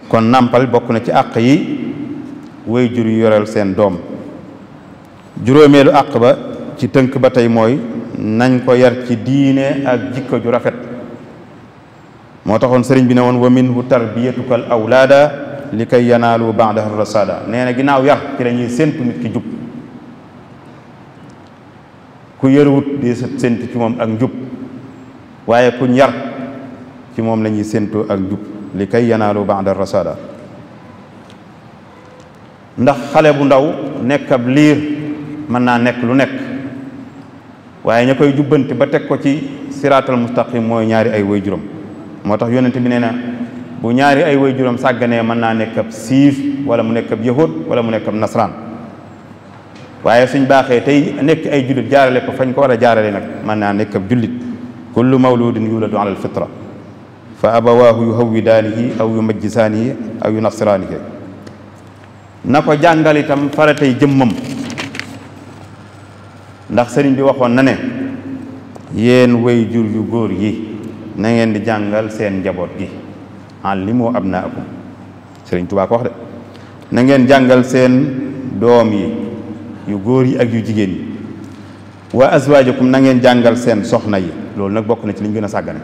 kon nàmpal bokk na ci àq yi way jur yu yoreel seen doom juróomeelu àq ba ci tënk ba tey mooy nañ ko yar ci diine ak jikko ju rafet moo taxoon sëriñ bi na woon wa minhu tarbiyatuka al awlaada li kay yanaalu baadaha rasada nee na ginnaaw yar ci la ñuy séntu nit ki jub ku yëruwut di séntu ci moom ak njub waaye kuñ yar ci moom lañuy ñuy ak njub li kay yanaalu baada rasada ndax xale bu ndaw nekk ab liir mën naa nekk lu nekk waaye ña koy jubbanti ba teg ko ci siraatal mustaqim mooy ñaari ay woy juróom moo tax yonent bi nee na bu ñaari ay way juróom sàgganee mën naa nekk ab siif wala mu nekk ab yahud wala mu nekk ab nasraan waaye suñ baaxee tey nekk ay jullit jaarale ko fañ ko war a jaarale nag mën naa nekk ab jullit kullu mawludin yuladu ala alfitra fa abawaahu yuhawwidaanihi aw yumajjisaanihi aw yunasiraanihi na nako jàngal itam tey jëmmam ndax sëriñ bi waxoon na ne yéen way jur yu góor yi na ngeen di jàngal seen njaboot gi allimu abnaakum sëriñ Tuubaa ko de na ngeen jàngal seen doom yi yu góor yi ak yu jigéen yi wa azwaajakum na ngeen jàngal seen soxna yi loolu nag bokk na ci liñ gën a sàggane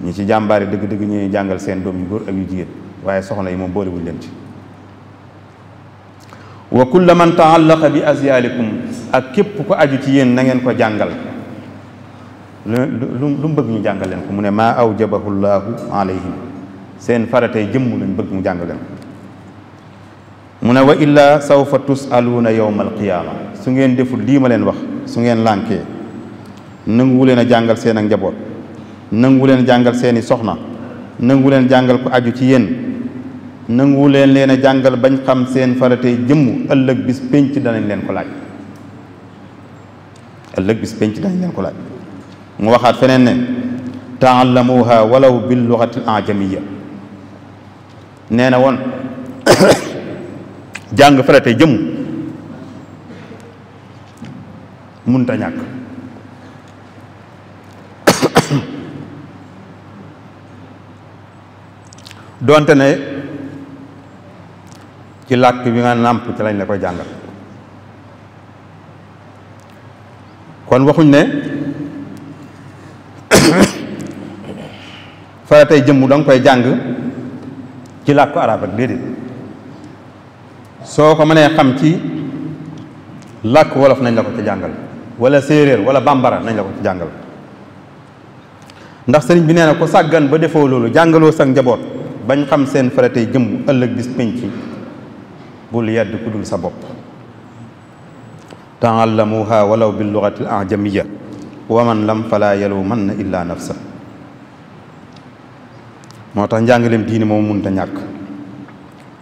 ñi ci jàmbaari dëgg-dëgg ñuy jàngal seen doom yu góor ak yu jigéen waaye soxna yi moom boolewuñ leen ci wa kulla man taallaqa bi azyaalikum ak képp ko aju ci yéen na ngeen ko jàngal lu lu mu bëgg ñu jàngal leen ko mu ne maa awjabahu llaahu alayhim seen faratey jëmm lañ bëgg mu jàngal leen ko mu ne wa illaa sawfa tusaluuna yowma alqiyaama su ngeen deful lii ma leen wax su ngeen lànkee nanguwu leen a jàngal seen ak njaboot nanguwu leen jàngal seeni soxna nanguwu leen jàngal ko aju ci yéen nanguwu leen a jàngal bañ xam seen faratey jëmm ëllëg bis pénc danañ leen ko laaj ëllëg bis pénc danañ leen ko laaj mu waxaat feneen ne taallamuha walaw bil lughati al ajamiyya nee na woon jàng farate jëmm munta ñàkk doonte ne ci làkk bi nga nàmp ci lañ la koy jàngal kon waxuñ ne faratay jëmm da nga koy jàng ci làkku arab rek déedéet soo ko mënee xam ci làkk wolof nañ la ko ci jàngal wala séeréer wala bàmbara nañ la ko ci jàngal ndax sëriñ bi nee na ko sàggan ba defoo loolu jàngaloo sag njaboot bañ xam seen faratay jëmm ëllëg bis pénc bul yedd ku dul sa bopp taallamuha walaw bi lugatil ajamiyya wa man lam fala yalumanna illa nafsa moo tax njàngaleem diine moom mënut a ñàkk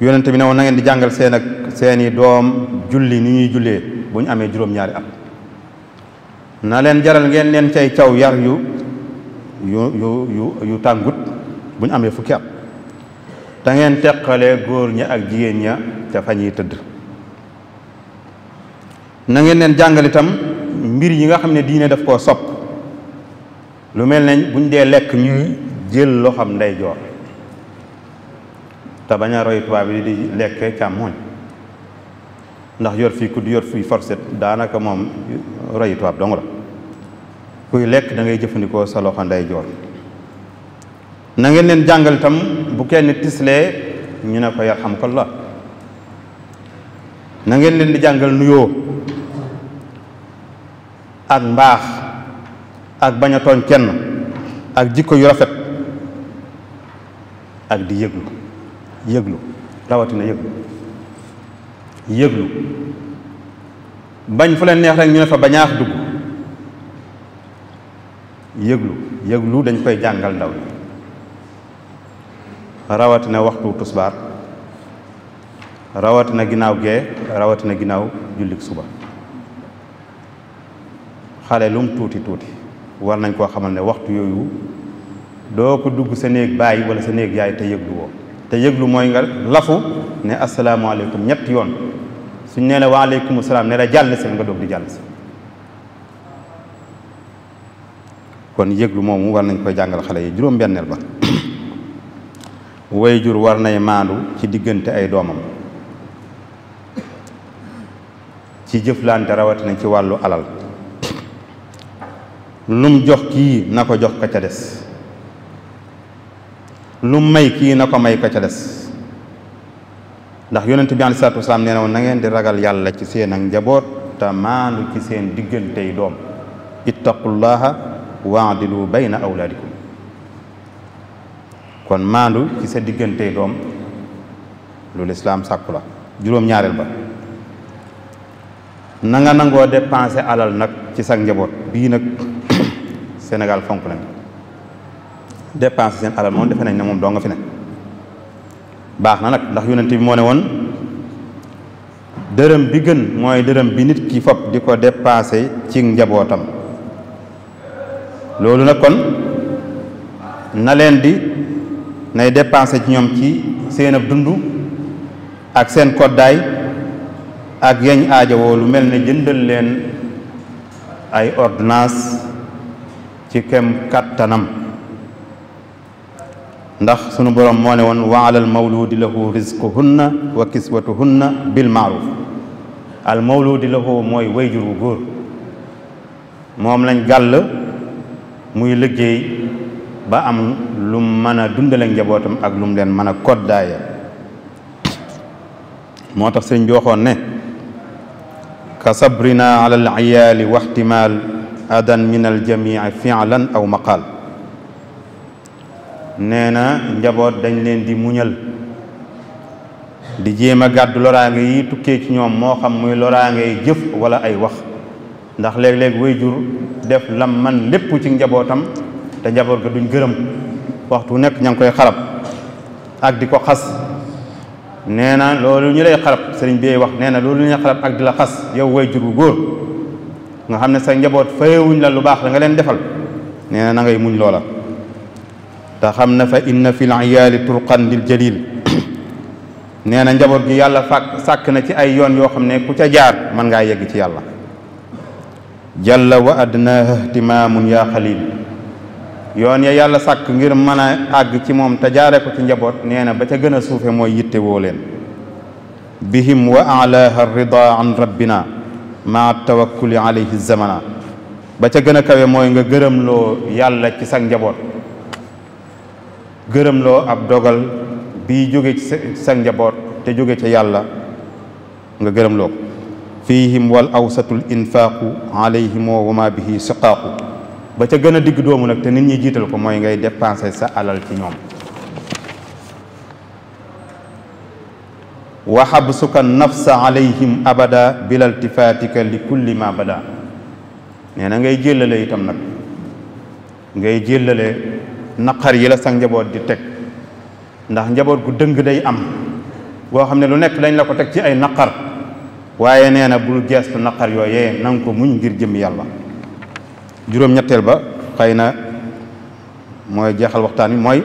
yonente bi ne woon na di jàngal seen ak seeni doom julli nu ñuy jullee bu amee juróom-ñaari at na leen jaral ngeen leen cay caw yar yu yu yu yu tàngut bu amee fukki at da ngeen teqalee góor ña ak jigéen ña ca fa ñuy tëdd na ngeen leen jàngal itam mbir yi nga xam ne diine def koo sopp lu mel ne buñ dee lekk ñuy jël loxoom ndeyjoor te bañ a roy tubaab yi di lekke càmmoñ ndax yor fii kudd yor fii forset daanaka moom roy tubaab dong la kuy lekk da ngay jëfandikoo sa loxo ndeyjoor na ngeen leen jàngal tam bu kenn tislee ñu ne ko yarhamkallah na ngeen leen di jàngal nuyoo ak mbaax ak bañ a kenn ak jikko yu rafet ak di yëglu yëglu rawatina yëglu yëglu bañ fu leen neex rek ñu ne fa bañaax dugg yëglu yëglu dañ koy jàngal ndaw ñi rawatina waxtu tusbaar rawatina ginnaaw gee rawatina ginnaaw jullik suba xale lum tuuti tuuti war nañ koo xamal ne waxtu yooyu doo ko dugg sa néeg bàyyi wala sa néeg yaay te yëglu woo te yëglu mooy nga lafu ne asalaamaaleykum ñett yoon suñ nee la waaleykum salaam ne la jàll si nga doog di jàll si kon yëglu moomu war nañ koy jàngal xale yi juróom-benneel ba way jur war nay maandu ci diggante ay doomam ci jëflante rawatina ci wàllu alal lum jox kii na ko jox ko ca des lu may kii na ko may ka ca des ndax yonent bi aleyhi salaatu wasalaam nee na woon na ngeen di ragal yàlla ci seen ak njaboot te maandu ci seen diggantey doom ittaqullaha waadilu bayna awlaadikum kon maandu ci sa diggantey doom lu lislaam sàkku la juróom-ñaareel ba na nga nangoo dépenser alal nag ci sa njaboot bii nag Sénégal fonk nañ dépensé seen alal moom defe nañ ne moom doo nga fi ne baax na nag ndax yonent bi moo ne woon dërëm bi gën mooy dërëm bi nit ki fop di ko dépensé ci njabootam loolu nag kon na leen di nay dépensé ci ñoom ci seen ab dund ak seen koddaay ak yañ aajowoo lu mel ne jëndal leen ay ordonnance ci kem kattanam ndax sunu borom moo ne woon wa alal mawludi lahu rizquhunna wa kiswatuhunna bil maaruf al mawludi lahu mooy wayjur wu góor moom lañ gàll muy liggéey ba am lu mën a dundale njabootam ak lu mu leen mën a koddaaya moo tax sëriñ bi ne ka sabrina ala al iyaali waxtimaal adan min al jamii aw maqaal nee na njaboot dañ leen di muñal di jéem a gàddu loraange yi tukkee ci ñoom moo xam muy loraange yi jëf wala ay wax ndax léeg-léeg way jur def lam man lépp ci njabootam te njaboot ga duñ gërëm waxtu nekk ña ngi koy xarab ak di ko xas nee na loolu ñu lay xarab sëriñ bi wax nee na loolu ñu lay xarab ak di la xas yow way jur bu góor nga xam ne sa njaboot fayewuñ la lu baax da nga leen defal nee na na muñ loola te xam na fa inna fil iyaali turqan lil jalil nee na njaboot gi yàlla fàkk sàkk na ci ay yoon yoo xam ne ku ca jaar mën ngaa yegg ci yàlla jalla wa adnaaha ihtimaamun yaa xalil yoon ya yàlla sàkk ngir mën a àgg ci moom te jaare ko ci njaboot nee na ba ca gën a suufe mooy yitte woo leen bihim wa alaaha rida an rabbina maa tawakkuli alayhi zamana ba ca gën a kawe mooy nga gërëm loo yàlla ci sa njaboot gërëmloo ab dogal bi jóge ci sa njaboot te jóge ca yàlla nga gërëmloo ko fihim wal awsatul infaaqu alayhim wa ma bihi siqaaqu ba ca gën a digg doomu nag te nit ñi jiital ko mooy ngay dépenser sa alal ci ñoom wa xabsuka nafsa alayhim abada bila iltifaatika li kulli ma bada nee na ngay jëllale itam nag ngay jëllale naqar yi la sa njaboot di teg ndax njaboot gu dëng day am boo xam ne lu nekk dañ la ko teg ci ay naqar waaye nee na bul geestu naqar yooyee nanga ko muñ ngir jëm yàlla juróom ba xëy na mooy jeexal waxtaan mooy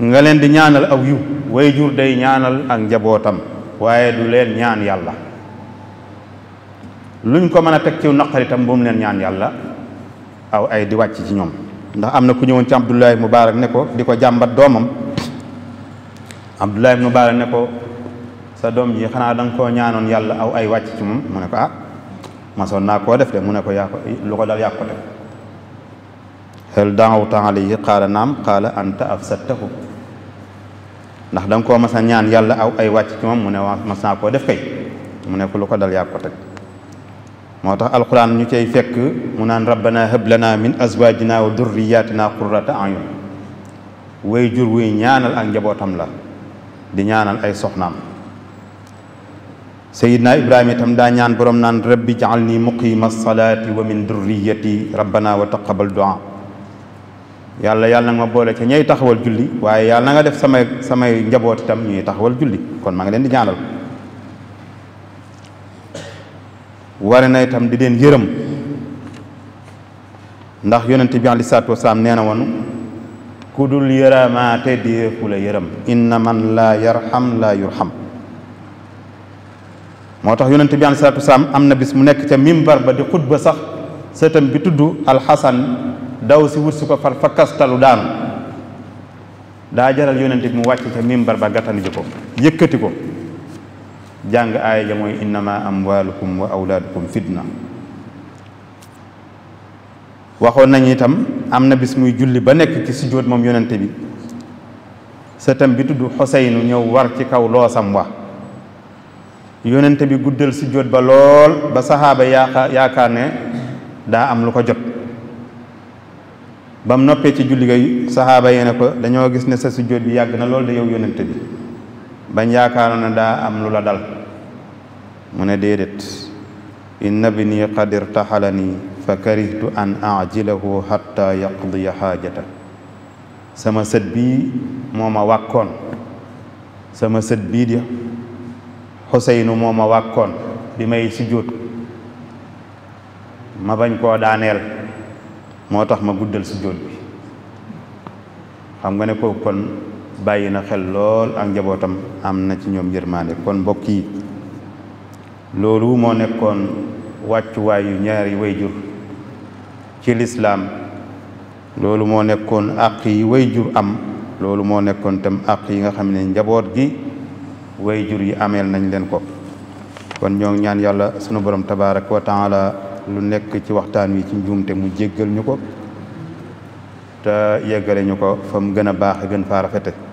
nga leen di ñaanal aw yiw way jur day ñaanal ak njabootam waaye du leen ñaan yàlla luñ ko mën a teg ci naqar itam leen ñaan yàlla aw ay di wàcc ci ñoom ndax am na ku ñëwoon ci Abdullahi Mubaarak ne ko di ko jàmbat doomam Abdullahi Mubaarak ne ko sa doom ji xanaa danga nga koo ñaanoon yàlla aw ay wàcc ci moom mu ne ko ah, masoon naa koo def mu ne ko yaa lu ko dal yaa ko def hal da'awta alayhi qaala naam qaala anta afsadtahu ndax da koo mas ñaan yàlla aw ay wàcc mu ne mas naa koo def kay mu ne ko lu ko dal yaa teg moo tax alquran ñu cay fekk mu naan rabbana hab lana min azwajina wa durriyatina qurrata ayun way jur wuy ñaanal ak njabootam la di ñaanal ay soxnaam sayidna ibrahima itam daa ñaan borom naan rabbi ja'alni muqima salaati wa min durriyati rabbana wa taqabbal du'a yàlla yàlla na ma boole ca ñay taxawal julli waaye yàlla na nga def samay samay njaboot itam ñuy taxawal julli kon ma ngi leen di ñaanal ware na itam di leen yërëm ndax yonent bi aleyhi salaatu wasalaam nee na woon ku dul yërëmaate deefu la yërëm inna man laa yarham laa yurham moo tax yonent bi aleyhi salaatu wasalaam am na bis mu nekk ca mimbar ba di xutba sax sëtam bi tudd alxasan daw si wut si ko far fakkastalu daanu daa jaral yonent bi mu wàcc ca mimbar ba gattani ji ko yëkkati ko jàng aaya ja mooy innama amwalukum wa awlaadukum fitna waxoon nañu itam am na bis muy julli ba nekk ci sujjóot moom yonente bi sëtam bi tudd xoseynu ñëw war ci kaw loosam wa yonente bi guddal sujjóot ba lool ba saxaaba yaakaar ne daa am lu ko jot bam noppee ci julli gay saxaaba yee ne ko dañoo gis ne sa sujjóot bi yàgg na lool da yow yonente bi bañ yaakaaroon na daa am lu la dal mu ne déedéet inna bni qad irtaxalani fa karihtu an ajilahu xatta yaqdiya xaajata sama sët bii moo ma wàkkoon sama sët biid di xuseynu moo ma wàkkoon bi may sujjóot ma bañ koo daaneel moo tax ma guddal sujjóot bi xam nga ne kooku kon bàyyi na xel lool ak njabootam am na ci ñoom yërmaande kon mbokk yi loolu moo nekkoon wàccuwaayu ñaari wayjur ci lislaam loolu moo nekkoon àq yi wayjur am loolu moo nekkoon tam àq yi nga xam ne njaboot gi wayjur yi ameel nañ leen ko kon ñoo ñaan yàlla sunu borom tabaaraka wa la lu nekk ci waxtaan wi ci njuumte mu jéggal ñu ko te yeggale ñu ko fa mu gën a baax a gën faa rafete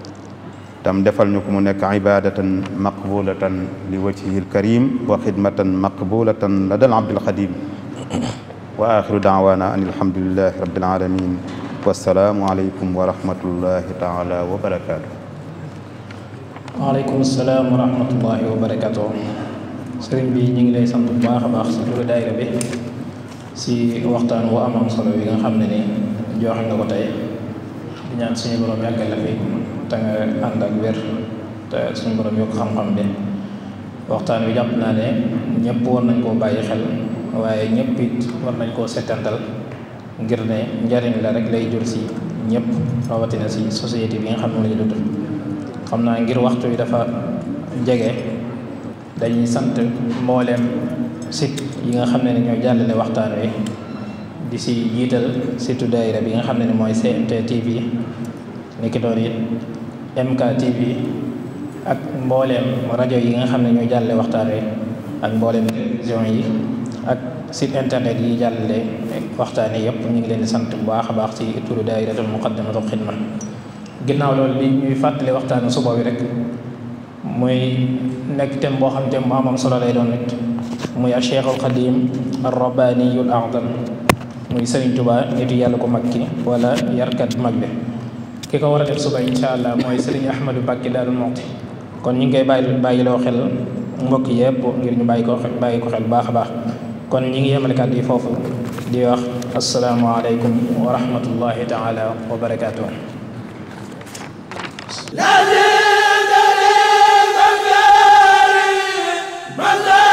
tam defal ñu ko mu nekk ibadatan maqbulatan li wajhihil karim wa xidmatan maqbulatan la dal abdul xadim wa axiru daawana an alhamdulilahi rabbil alamin wassalaamu aleykum wa rahmatullahi taala wa barakaatu waaleykum salaam wa rahmatullahi wa barakaatu sëriñ bi ñu ngi lay sant bu baax a baax si turu daayira bi si waxtaan wu am am solo bi nga xam ne ni joxe nga ko tey di ñaan suñu borom yàggal la fi te nga ànd ak wér te suñu borom yokk xam-xam bi waxtaan wi jàpp naa ne ñëpp war nañ koo bàyyi xel waaye ñëpp it war nañ koo settantal ngir ne njariñ la rek lay jur si ñëpp rawatina si société bi nga xam ne la ñu dund xam naa ngir waxtu wi dafa jege dañuy sant mbooleem site yi nga xam ne ni ñoo waxtaan wi di si jiital surtout daayira bi nga xam ne ni mooy GMT TV ni ki MKTV ak mbooleem rajo yi nga xam ne ñoo jàlle waxtaan wi ak mbooleem télévision yi ak si internet yi jàllale waxtaan yi yëpp ñu ngi leen di sant bu baax a baax ci turu daayiratul muqaddamatul xidma ginnaaw loolu li ñuy waxtaan waxtaanu suba wi rek muy nekk thème boo xam thème bu am am solo lay doon nit muy a cheikhul xadim ar rabbaniyul a'zam muy Sëriñ Tuubaa nitu yàlla ko mag ki wala yarkat mag bi ki ko war a def suba incha allah mooy Serigne Ahmadou Mbacke Daaru Muxti kon ñu ngi koy bàyyi bàyyiloo xel mbokk yëpp ngir ñu bàyyi ko baax a baax kon ñu ngi yemale kàddu di wax asalaamaaleykum wa rahmatullahi taala wa